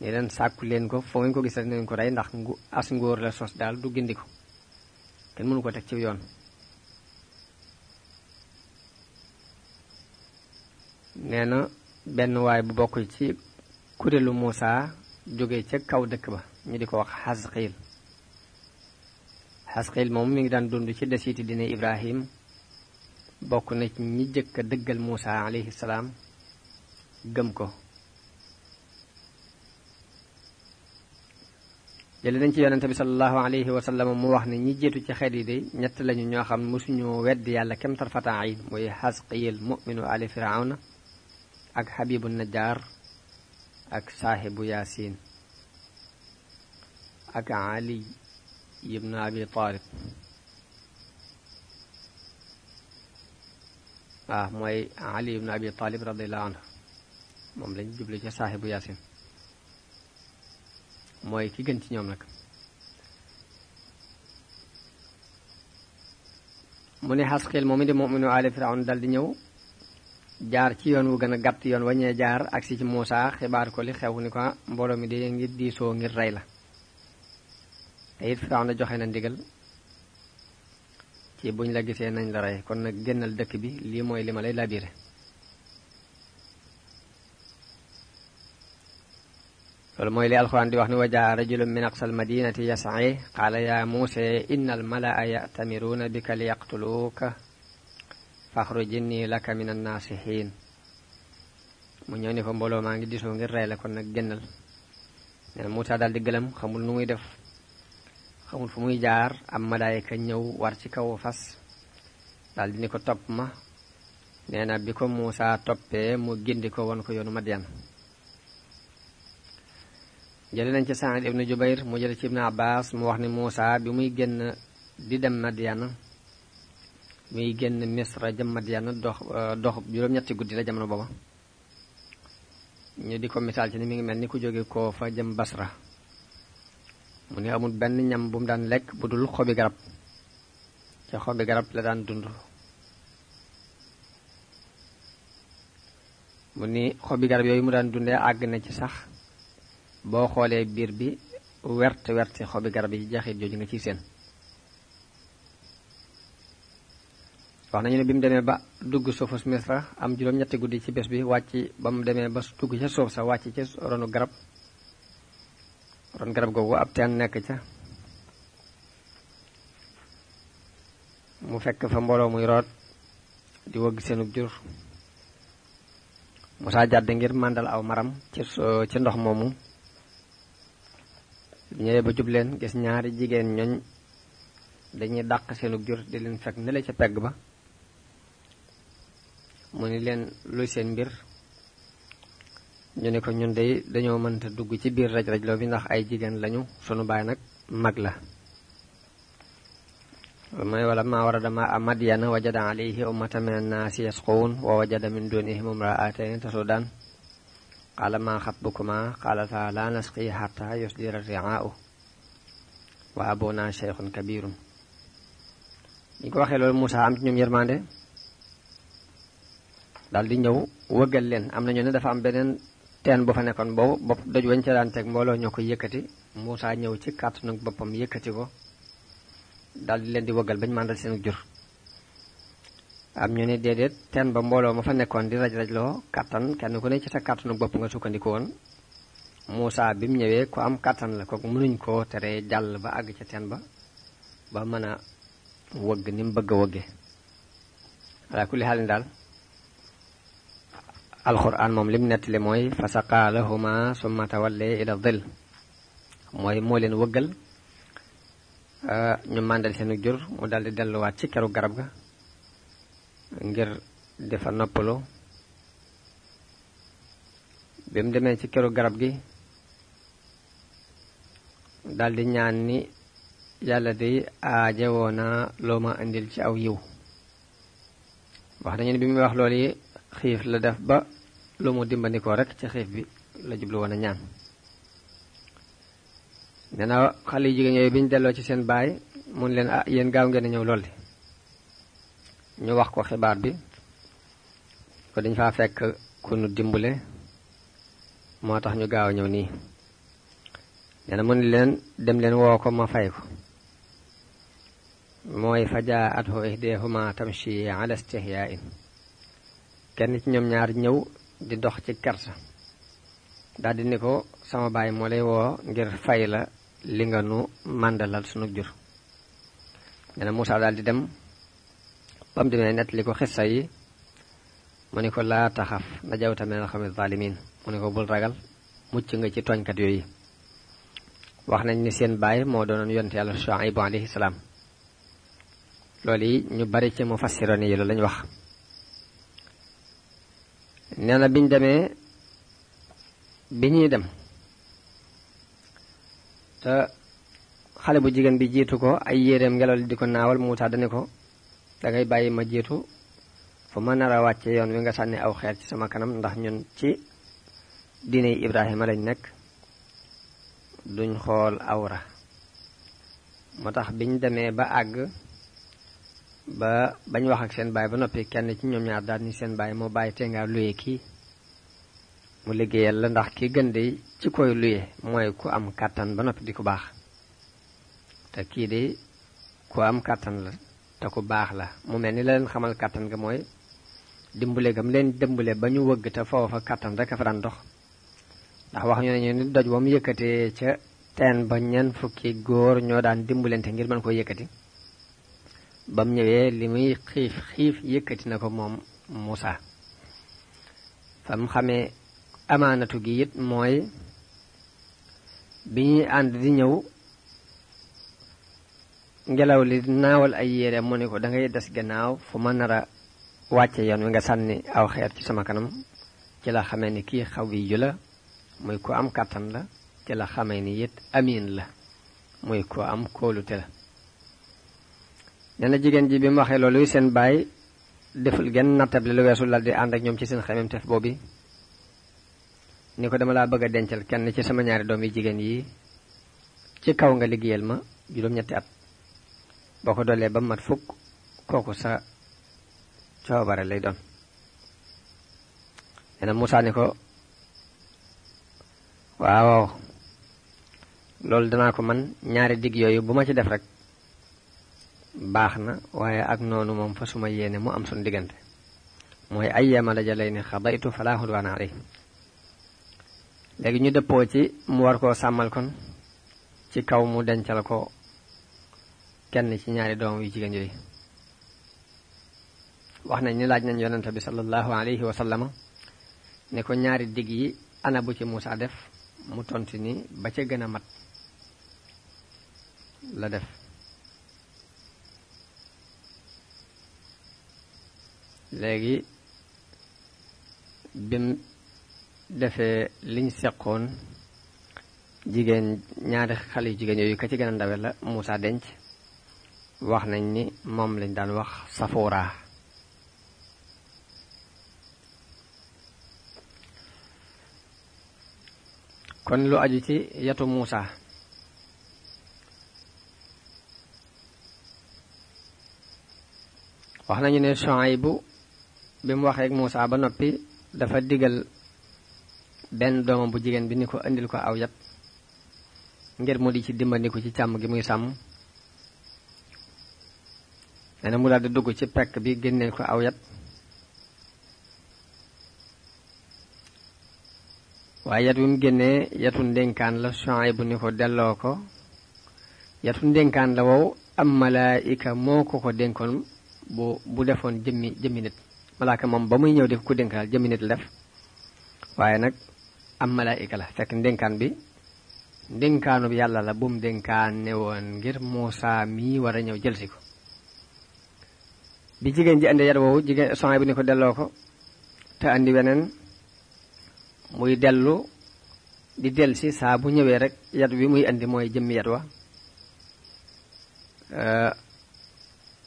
ni leen sàkku leen ko foo ngeen ko gis rek nañu ko rey ndax ngu as ngóor la sos daal du gindi ko kenn mënu ko teg ci yoon nee na benn waay bu bokk ci kuréelu Muusa jóge ca kaw dëkk ba ñu di ko wax xasxiil xasxiil moom mu ngi daan dund ci desiiti dina Ibrahim bokk na ci ñi jëkk dëggal Muusa alayhi salaam gëm ko jële nañ ci yonente bi salallahu alayhi wa sallam mu wax ne ñi jiitu ci xeet yi de ñett lañu ñoo xam ne mosuñu wedd yàlla kem tarfata ayn muy xasqiyil muminu ali firawna ak xabibu najjaar ak saaxibu yaasin ak ali ibn abi taalib waaw mooy ali ibn abi taalib radiallahu anhu moom lañ jublu ca saaxibu yaasin mooy ki gën ci ñoom nag mu ne xasqil moom it di muminu aali firawna dal di ñëw jaar ci yoon wu gën a gàtt yoon waññee jaar ak si ci Muusaa xibaar ko li xew ni ko mbooloo mi de ngir diisoo ngir rey la te it Firawna joxe na ndigal ci buñ la gisee nañ la rey kon nag génnal dëkk bi lii mooy li ma lay labiré loolu mooy li alxuraan di wax ni wajaa rajulun min aqsal madinati yas'i qaala yaa Muusaa inna al malaa ya'tamiruuna bika faxrujinni laka min annaasixiin mu ñëw ni ko mbooloo maa ngi disoo ngir rey la kon nag génnal nee na Muusaa gëlëm xamul nu muy def xamul fu muy jaar am malaayika ñëw war ci kaw fas daal ni ko topp ma nee na bi ko Muusaa toppee mu gindi ko won ko yoonu Madyan jële nañ ci Saïd ibnu Jubayr mu jële ci Ibnu Abbas mu wax ni Muusaa bi muy génn di dem Madyan muy génn misra jëmmat yann dox euh, dox juróom-ñetti guddi la jamono booba ñu di ko misaal ci ni mi ngi mel ni ku jóge koo fa jëm basra mu ne amul benn ñam bu mu daan lekk bu dul xobi garab ca xobi garab la daan dund mu ni xobi garab yooyu mu daan dundee àgg na ci sax boo xoolee biir bi wert wert xobi garab yi jaxit jooju nga ciy seen wax nañu ne bi demee ba dugg suufus misra am juróom-ñetti guddi ci bés bi wàcc ba mu demee ba dugg ca suuf sa wàcc ca ronu garab ron garab googu ab teen nekk ca mu fekk fa mbooloo muy root di wëgg seenub jur Musaa jàdd ngir màndal aw maram ci ci ndox moomu ñëwee ba jub leen gis ñaari jigéen ñooñ dañuy dàq seenub jur di leen fekk ne la ca pegg ba mu ni leen luy seen mbir ñu ne ko ñun day dañoo mënta dugg ci biir raj rajloo bi ndax ay jigéen lañu sunu baay nag mag la mooy wala maa warada ma a madyana wajada alayhi ummatan min annaasi yasquun wa wajada min dunihim imra'atayn tasudaan qaala maa xatbukuma qaalataa laa nasqi xatta yusdira ri'aa'u wa abuna sheykhun kabirun ñi ko waxee loolu Muusaa am ci ñoom yërmande daal di ñëw wëggal leen am na ñu ne dafa am beneen teen bu fa nekkoon boobu bopp doj wañ ca daan teg mbooloo ñoo ko yëkkati Moussa ñëw ci kàttanu boppam yëkkati ko daal di leen di wëggal bañ màndal seen jur am ñu ne déedéet teen ba mbooloo ma fa nekkoon di raj loo kàttan kenn ku ne ci sa kattanu bopp nga sukkandiku woon bi mu ñëwee ko am kàttan la kooku mënuñ ko tere jàll ba àgg ca teen ba ba mën a wëgg ni mu bëgg a wëgge ku kulli xaalin daal alxuraan moom lim nettali mooy fa saqaa lahuma summa tawallee ila dhil mooy moo leen wëggal ñu màndal seenu jur mu daldi delluwaat ci keru garab ga ngir di fa noppalu bi demee ci keru garab gi daldi ñaan ni yàlla de aajewoo naa loo ma indil ci aw yiw wax nañu ne bi muy wax loolu xiif la def ba lu mu dimbandikoo rek ci xiif bi la jublu woon ñaan nee na xale yu jigéen yooyu bi ñu delloo ci seen baay mun leen ah yéen gaaw ngeen ñëw lool di ñu wax ko xibaar bi ko dañ fa fekk ku nu dimbale moo tax ñu gaaw a ñëw nii nee na mun leen dem leen woo ko ma fay ko mooy fajaa at hoo ihdeehuma tamshi ala istihyain kenn ci ñoom ñaar ñëw di dox ci kersa daldi ni ko sama baay moo lay woo ngir fay la li nga nu màndalal sunu jur nee na Moussa daal di dem ba mu demee nettali ko xissa yi mu ni ko laata taxaf najawta min alxawmi zalimin mu ni ko bul ragal mucc nga ci tooñkat yooyu wax nañ ni seen baay moo doonoon yonent yàlla Shuaybu alayhi salaam loolu yi ñu bari ci mufassiroon yi loolu lañ wax nee na biñ demee bi ñuy dem te xale bu jigéen bi jiitu ko ay yéreem ngelaw li di ko naawal Muusaa dani ko dangay bàyyi ma jiitu fu ma nar a wàcce yoon wi nga sànni aw xeer ci sama kanam ndax ñun ci diine Ibrahima lañ nekk duñ xool awra moo tax biñ demee ba àgg ba bañ wax ak seen baay ba noppi kenn ci ñoom ñaar daan ni seen baay moo bàyyi te ngaa luye kii mu liggéeyal la ndax ki gën de ci koy luye mooy ku am kàttan ba noppi di ku baax te kii de ku am kàttan la te ku baax la mu mel ni la leen xamal kàttan ga mooy dimbule gam leen dimbule ba ñu wëgg te foofa kàttan rek a fa daan dox ndax wax ñu ne ñu ni doj ba mu ca teen ba ñeent fukki góor ñoo daan dimbulente ngir mën koo yëkkati ba mu ñëwee li muy xiif xiif yëkkati na ko moom Moussa fa mu xamee amaanatu gi it mooy bi ñuy ànd di ñëw ngelaw li naawal ay yére mu ni ko dangay des gannaaw fu ma nar a wàcce yoon wi nga sànni aw xeer ci sama kanam ci la xamee ni kii xaw yi ju la muy ku am kàttan la ci la xamee ni it amiin la muy ku am kóolute la nee jigéen ji bi mu waxee loolu seen baay deful genn nattable lu weesu lal di ànd ak ñoom ci seen xememteef boobu ni ko dama laa bëgg a dencal kenn ci sama ñaari doom yi jigéen yi ci kaw nga liggéeyal ma juróom-ñetti at boo ko doolee ba mu mat fukk kooku sa coobare lay doon nee musaa Moussa ni ko waaw loolu danaa ko man ñaari digg yooyu bu ma ci def rek baax na waaye ak noonu moom fasuma yéene mu am suñ diggante mooy ay ayyama dajalayni xadaytu falaa hudwaana alay léegi ñu dëppoo ci mu war koo sàmmal kon ci kaw mu dencal ko kenn ci ñaari doom yu jigéen yooyu wax nañ ni laaj nañ yonente bi sallallahu alayhi wa sallama ne ko ñaari digg yi ana bu ci Muusa def mu tontu ni ba ca gën a mat la def léegi bim defee liñ seqoon jigéen ñaari xale yu jigéen yooyu ka ci gën ndawe la Moussa denc wax nañ ni moom lañ daan wax Safora kon lu aju ci yatu Moussa wax nañu ne Shuaybu bi mu waxee ak Muusaa ba noppi dafa digal benn doomam bu jigéen bi ni ko indil ko aw yat ngir mu di ci dimbandiku ci càmm gi muy sàmm nee mu daal di dugg ci pekk bi génneel ko aw yat waaye yat wi mu génnee yatu ndénkaan la chony bu ni ko delloo ko yatu ndénkaan la wow am malaayika moo ko ko dénkoon bu bu defoon jëmmi jëmmi nit malaaka moom ba muy ñëw def ku dénkaal jëmmi nit la waaye nag am malaayika la fekk ndénkaan bi ndénkaanub yàlla la bu mu dénkaane ngir Muusaa mii war a ñëw jëlsi ko bi jigéen ji andi yar woowu jigéen soxna bi ni ko delloo ko te andi weneen muy dellu di del si saa bu ñëwee rek yat wi muy indi mooy jëmmi yat wa euh,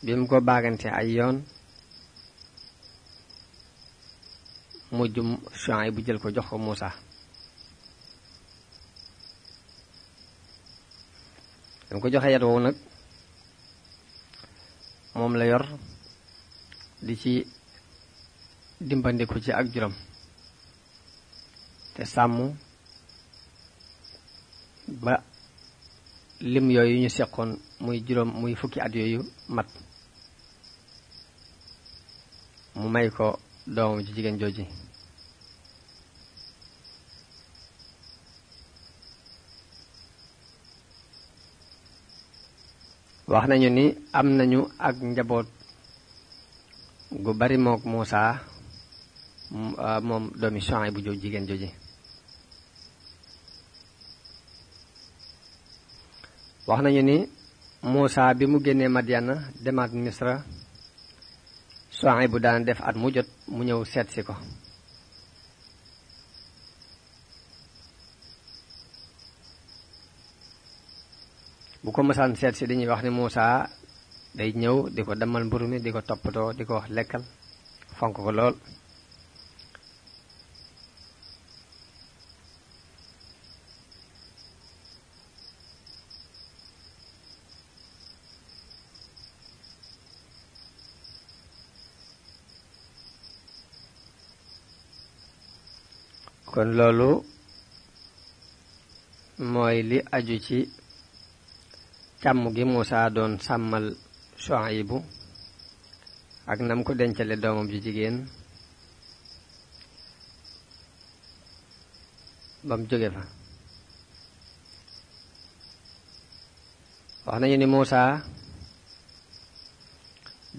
bi mu ko baagante ay yoon mujjum Shuayb bu jël ko jox ko Muusa dama ko joxe yat woowu nag moom la yor di ci dimbandiku ci ak juram te sàmm ba lim yooyu ñu seqoon muy juróom muy fukki at yooyu mat mu may ko doomam ci jigéen jooji wax nañu ni am nañu ak njaboot gu bari mook Muusa ah, moom doomi Suhayb bu jooju jigéen jooji wax nañu ni Muusa bi mu génnee Madiana demaat Misra soxna bu daan def at mu jot mu ñëw seet ko bu ko mësaan seet si dañuy wax ne Moussa day ñëw di ko demal mburu mi di ko toppatoo di ko wax lekkal fonk ko lool kon loolu mooy li aju ci càmm gi Muusaa doon sàmmal Shuaybu ak nam ko dencale doomam ju jigéen ba mu jóge fa wax nañu ni Muusaa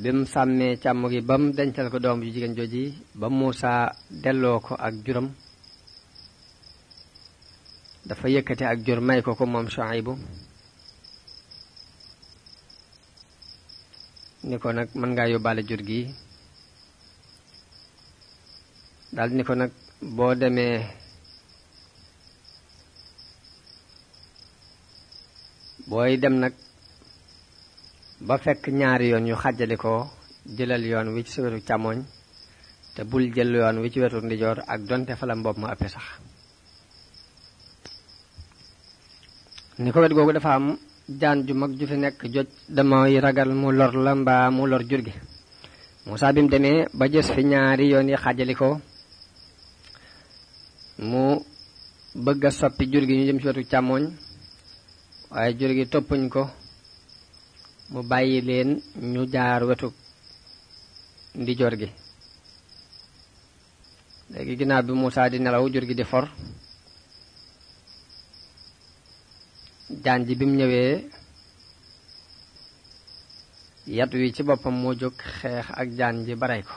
bi mu sàmmee càmm gi ba mu dencal ko doom ju jigéen jooji ba Muusaa delloo ko ak juróom dafa yëkkate ak jur may ko ko moom Shuaybu ni ko nag mën ngaa yóbbaale jur gi daldi ni ko nag boo demee booy dem nag ba fekk ñaari yoon yu xàjjali ko jëlal yoon wi ci wetu càmmooñ te bul jël yoon wi ci wetu ndijoor ak donte fa la mbopp ma ëpp sax ni ko wet googu dafa am jaan ju mag ju fi nekk joj damay ragal mu lor la mbaa mu lor jur gi Moussa bi demee ba jës fi ñaari yoon yi xaajali ko mu bëgga a soppi jur gi ñu jëm ci wetu càmmooñ waaye jur gi toppuñ ko mu bàyyi leen ñu jaar wetu ndijoor gi léegi ginnaaw bi Moussa di nelaw jur gi di for jaan ji bi mu ñëwee yat wi ci boppam moo jóg xeex ak jaan ji ba rey ko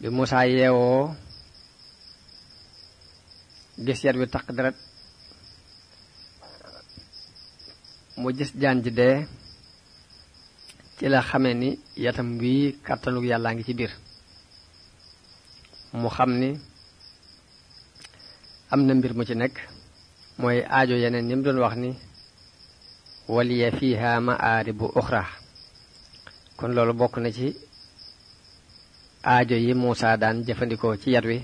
bi Muusaa yeewoo gis yat wi taq deret mu gis jaan ji dee ci la xamee ni yatam wii kàttanug yàllaa ngi ci biir mu xam ni am na mbir mu ci nekk mooy aajo yeneen yi mu doon wax ni waliya fiha bu uxra kon loolu bokk na ci aajo yi Muusa daan jëfandikoo ci yat wi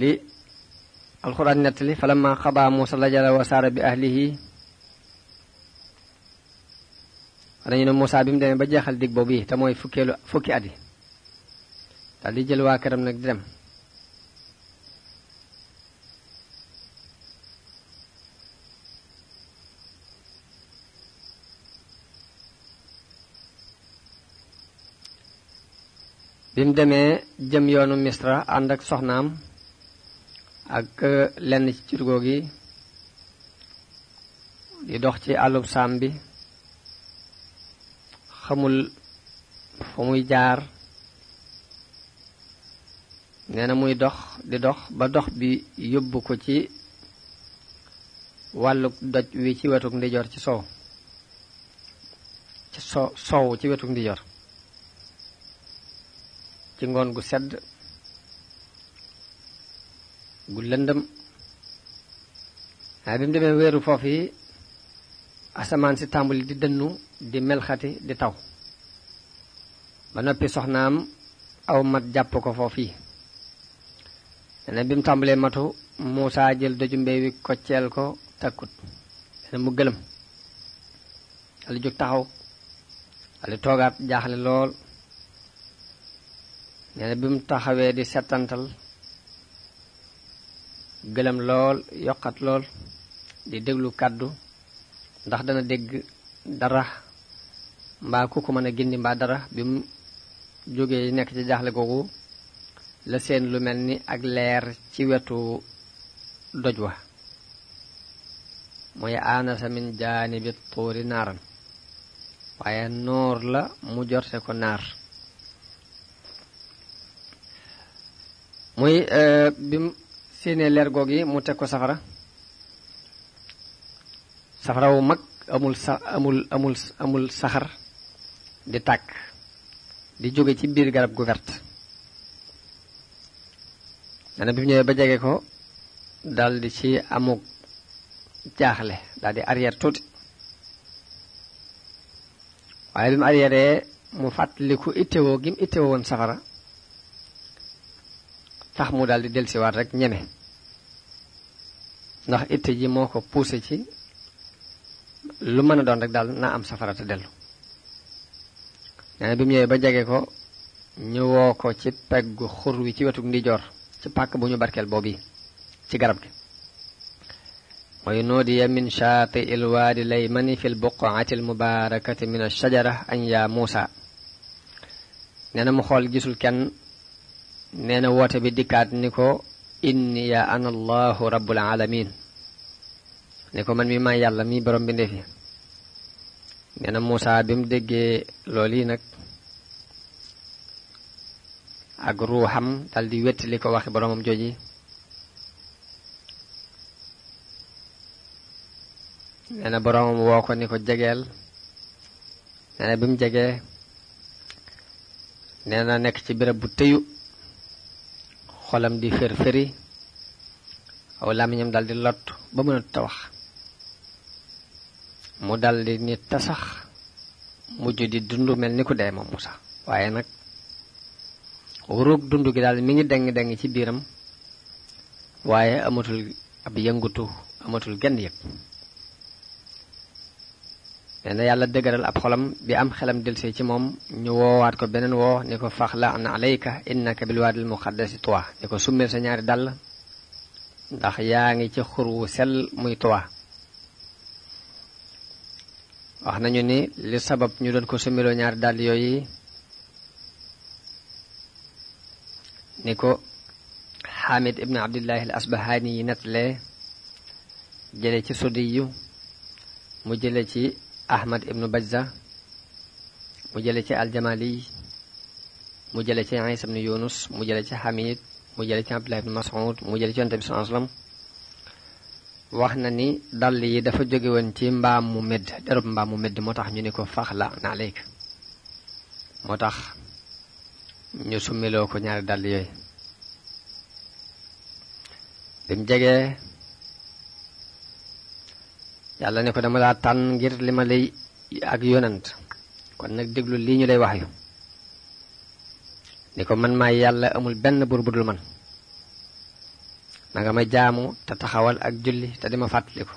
li alxuraan nettali falamma xadaa Muusa lajala wa saara bi ahlihi dañu ne Muusa bi demee ba jeexal dig boobu yi te mooy fukkeelu fukki at yi daal di jël waa këram nag di dem bi mu demee jëm yoonu misra ànd ak soxnaam ak euh, lenn ci cirgo gi di dox ci àllub saam bi xamul fu muy jaar nee na muy dox di dox ba dox bi yóbbu ko ci wàlluk doj wi ci wetuk ndijoor ci sow ci so sow ci wetuk ndijoor ci ngoon gu sedd gu lëndëm waaye bi mu demee weeru foofu yi asamaan si tàmbali di dënnu di melxati di taw ba noppi soxnaam aw mat jàpp ko foofu yi ne bi mu tàmbalee matu Muusaa jël doju mbéy wi kocceel ko takkut ne mu gëlëm dal jóg taxaw dal toogaat jaaxle lool nee bi mu taxawee di settantal gëlëm lool yokkat lool di déglu kàddu ndax dana dégg dara mbaa ku ko mën a gindi mbaa dara bi mu jógee nekk ci jaaxle googu la séen lu mel ni ak leer ci wetu doj wa mooy aanasa min jaanibi tuuri naaran waaye noor la mu jorte ko naar muy eh, bi mu séenee leer goog yi mu teg ko safara safara wu mag amul sa amul amul amul saxar di tàkk di jóge ci biir garab gu vert dana bi mu ñëwee ba jege ko daldi ci amuk jaaxle daldi di arrière tuuti waaye bi mu arrière mu fàttaliku ittewoo gi mu ittewoo woon safara tax mu daal di dellusiwaat rek ñeme ndax itte ji moo ko poussé ci lu mën a doon rek daal naa am safara te dellu nee bi mu ñëwee ba jege ko ñëwoo ko ci peggu xur wi ci wetu ndijoor ci pàkk bu ñu barkeel boobu ci garab gi mooy nuudiya min shaati il lay laymani fi l buqaati mubaarakati min ashajara an yaa muusa nee na mu xool gisul kenn nee na woote bi dikkaat ni ko inni ya ana allahu rabbul alamin ni ko man mi maa yàlla mi borom bi ndefi nee na Muusaa bi mu déggee loolu yi nag ak ruuxam dal di wetti li ko waxe boromam jooji nee na boromam ni ko jegeel nee na bi mu nekk ci béréb bu tëyu xolam di fër-fëri aw làmmiñam dal di ba mënatu ta mu dal di nit mujj di dund mel ni ku dee moom Musaa waaye nag ruug dund gi daal mi ngi deng-deng ci biiram waaye amatul ab yëngutu amatul genn yëpp dana yàlla dëgëral ab xolam bi am xelam delsee ci moom ñu woowaat ko beneen woo ni ko faxla na alayka innaka bilwaadil muqaddasi tuwa ni ko summeel sa ñaari dàll ndax yaa ngi ci xur wu sell muy tuwa wax nañu ni li sabab ñu doon ko summeeloo ñaari dàll yooyu ni ko xaamid ibn abdillahi al yi nettalee jële ci sodiyu mu jële ci ahmad ibnu bajza mu jële ci aljamali mu jële ci isa ibnu yunus mu jële ci hamid mu jële ci abdullah ibnu mas'ud mu jële ci yonte bi sallallahu alayhi wasallam wax na ni dàll yi dafa jóge woon ci mbaam mu medd derub mbaam mu medd moo tax ñu ni ko fax la na aleyk moo tax ñu summiloo ko ñaari dàll yooyu bi mu jegee yàlla ne ko dama la tànn ngir li ma lay ak yonant kon nag déglu lii ñu lay wax yu ni ko man maay yàlla amul benn buur budul man na nga ma jaamu te taxawal ak julli te di ma fàttaliku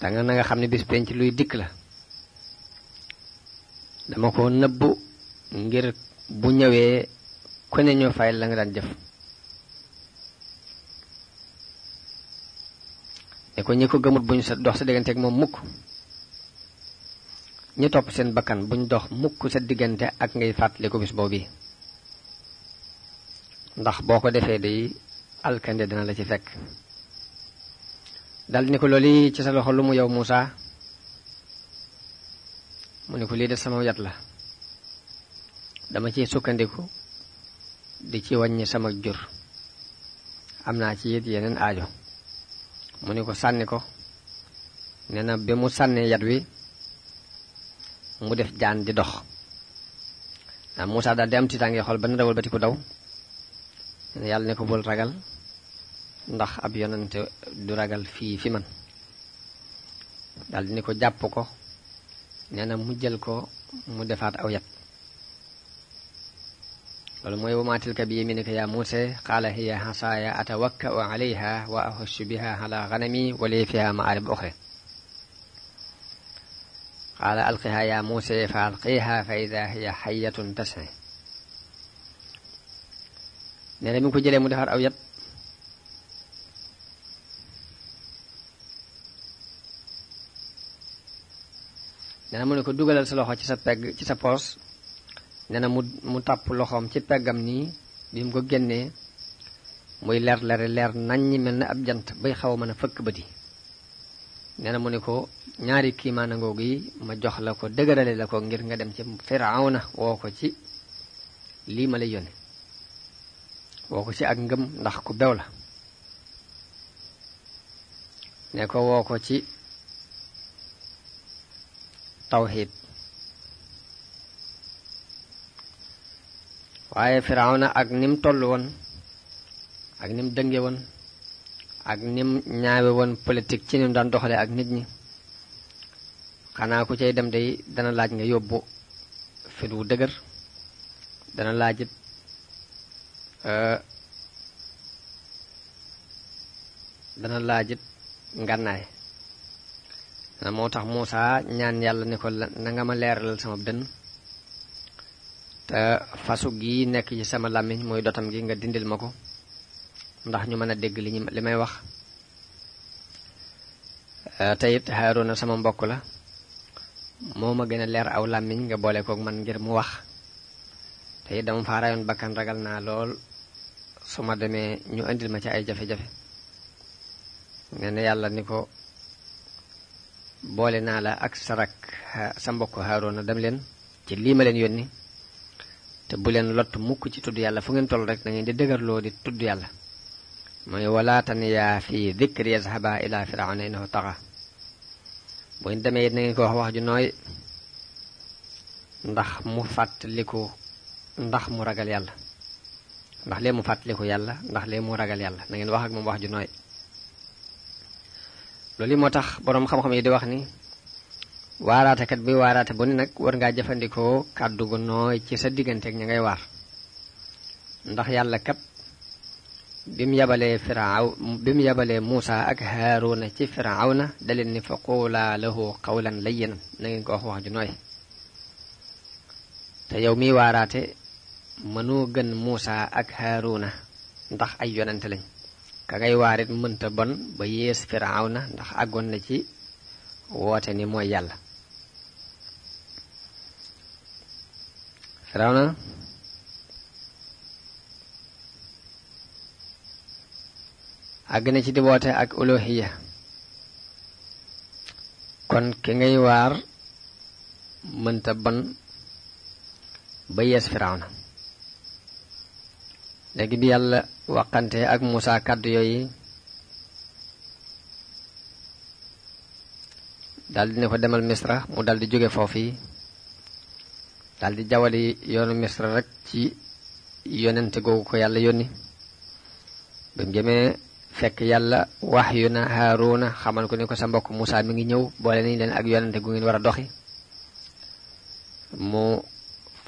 danga na nga xam ne bis penc luy dikk la dama ko nëbbu ngir bu ñëwee ku ne ñoo fay la nga daan jëf ne ko ñi ko gëmut ñu sa dox sa digganteeg moom mukk ñi topp seen bakkan buñ dox mukk sa diggante ak ngay fàttali ko bis boobu ndax boo ko defee day alkande dina la ci fekk dal ni ko loolu ci sa loxo lu mu yow Moussa mu ne ko lii de sama yat la dama ciy sukkandiku di ci wàññi sama jur am naa ci it yeneen aajo mu ni ko sànni ko nee na bi mu sànni yat wi mu def jaan di dox ah Moussa daal di am tiitaange xool ba na dawal bati ko daw yàlla ne ko bul ragal ndax ab yonante du ragal fii fi man daal di ne ko jàpp ko nee na mu jël ko mu defaat aw yat loolu mooy wa maa tilka bi yaminika yaa Muusaa qaala hiya asaaya atawakka'u alayha wa ahussu biha ala ganami wa li fiha ma'aarib uxraa qaala yaa Muusaa fa alqiihaa fa idaa hiya hayyatun tas'aa nee na mi mu defar aw yat nee na dugalal sa loxo nee na mu mu tàpp loxoom ci peggam nii bi mu ko génnee muy leer leer leer naññi mel na ab jant bay xaw a mën a fëkk bëti yi mu ne ko ñaari kiimaana ngoogu yi ma jox la ko dëgërale la ko ngir nga dem ci Firawna woo ko ci lii ma lay yónnee woo ko ci ak ngëm ndax ku bew la ne ko woo ko ci tawxiit waaye na ak nim toll woon ak nim dënge woon ak nim ñaawe woon politique ci nim daan doxale ak nit ñi xanaa ku cay dem day dana laaj nga yóbbu fit wu dëgër dana laajit euh, dana laajit ngànnaay moo tax Muusaa ñaan yàlla ne ko na nga ma leeralal sama dënn te fasu gi nekk ci sama làmmiñ muy dotam gi nga dindil ma ko ndax ñu mën a dégg li li may wax euh, te it Haaruna sama mbokk la moo ma gën a leer aw làmmiñ nga boole kook man ngir mu wax te it dama faa rayoon bakkan ragal naa lool su ma demee ñu indil ma ci ay jafe-jafe nee yàlla ni ko boole naa la ak sa rak sa mbokk Haaruna dem leen ci lii ma leen yónni te bu leen lott mukk ci tudd yàlla fu ngeen toll rek da di dëgërloo di tudd yàlla mooy walaatan yaa fi dikri yazhaba ila firawna innahu taxa bu ngeen demee na ngeen ko wax wax ju nooy ndax mu fàttaliku ndax mu ragal yàlla ndax lee mu fàttaliku yàlla ndax lee mu ragal yàlla na wax ak moom wax ju nooy loolu moo tax boroom xam-xam yi di wax ni waaraatekat bi waaraate bu ne nag war ngaa jëfandikoo kàddu gu nooy ci sa digganteeg ña ngay waar ndax yàlla kat bi mu yabalee firaaw bi yabalee Muusa ak Haaruna ci firawna da leen ni fa quulaa lay qawlan layyinan na ko wax wax ju nooy te yow miy waaraate mënoo gën Muusa ak Haaruna ndax ay yonante lañ ka ngay waarit mënta bon ba yées firawna ndax àggoon na ci woote ni mooy yàlla Ravana àgg na ci di woote ak olohiya kon ki ngay waar mënta ban ba yees firawna léegi bi yàlla waxante ak Muusa kàddu yooyu daldi ne ko demal misra mu daldi jóge foofu daal di jawali yoonu misra rek ci yonente googu ko yàlla yónni ba mu jëmee fekk yàlla wax yu na Haaruna xamal ko ni ko sa mbokk Moussa mi ngi ñëw boole nañu leen ak yonente gu ngeen war a doxi mu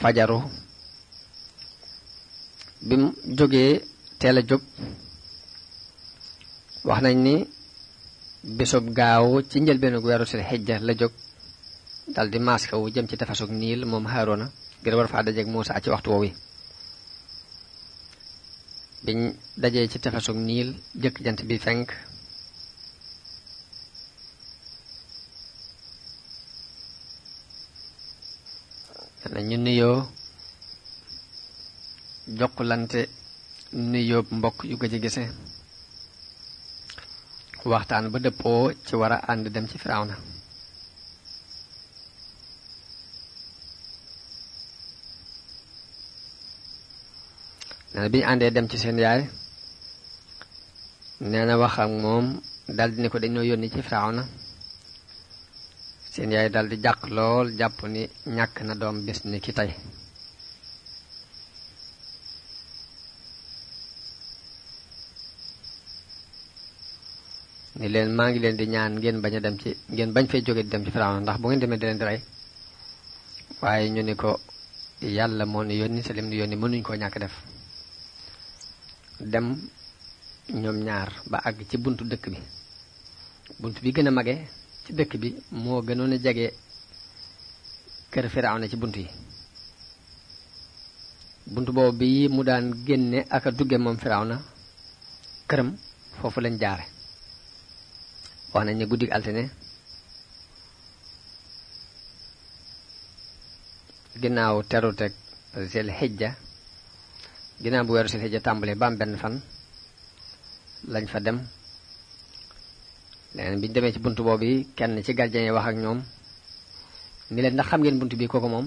fajaru bi mu jógee teel a jóg wax nañ ni bésub gaaw ci njëlbeenu weeru sil xijja la jóg dal di maas kaw jëm ci tefesug niil moom Haaruna ngir war faa dajeeg Muusaa ci waxtu woowu biñ dajee ci tefesug niil jëkk jant bi fenk na ñu nuyoo jokkulante nuyoo mbokk yu gëj a gise waxtaan ba dëppoo ci war a ànd dem ci Firawna nee bi àndee dem ci seen yaay nee na wax moom daldi ne ko dañoo yónni ci Firawna seen yaay daldi jàq lool jàpp ni ñàkk na doom bis ni ki tey leen maa ngi leen di ñaan ngeen bañ a dem ci ngeen bañ fee jóge di dem ci Firawna ndax bu ngeen demee di leen di rey waaye ñu ni ko yàlla moo ni yónni sa lim ni yónni mënuñ koo ñàkk def dem ñoom ñaar ba àgg ci buntu dëkk bi bunt bi gën a mage ci dëkk bi moo gënoon a jege kër Firawna ci bunt yi bunt boobu bi mu daan génne ak a dugge moom na këram foofu lañ jaare wax nañ ne guddi altine ginnaaw teru teg Zil Hijja ginnaaw bu weeru safar ja tàmbalee ba am benn fan lañ fa dem leneen biñ demee ci bunt boobu yi kenn ci gardien yi wax ak ñoom ni leen ndax xam ngeen bunt bi kooku moom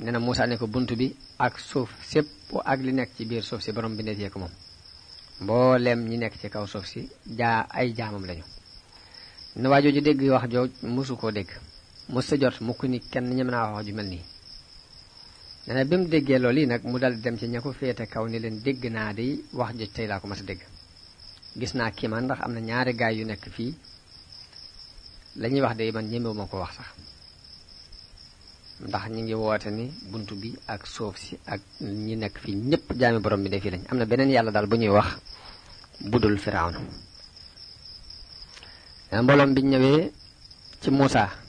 nee na Moussa ne ko bunt bi ak suuf sépp ak li nekk ci biir suuf si borom bindeef yee ko moom mbooleem ñi nekk ci kaw suuf si jaa ay jaamam lañu ne waa jooju dégg wax jooj mosu koo dégg mos sa jot mukk ni kenn ñem naa wax ju mel nii nee na bi mu déggee loolu yi nag mu daldi dem ci ña ko féete kaw ni leen dégg naa di wax joj tey laa ko ma sa dégg gis naa kii man ndax am na ñaari gaay yu nekk fii la ñuy wax de man ñemewuma ko wax sax ndax ñu ngi woote ni bunt bi ak suuf si ak ñi nekk fii ñépp jaami borom bi de fii lañ am na beneen yàlla daal bu ñuy wax budul firawna mbooloom bi ñëwee ci Muusaa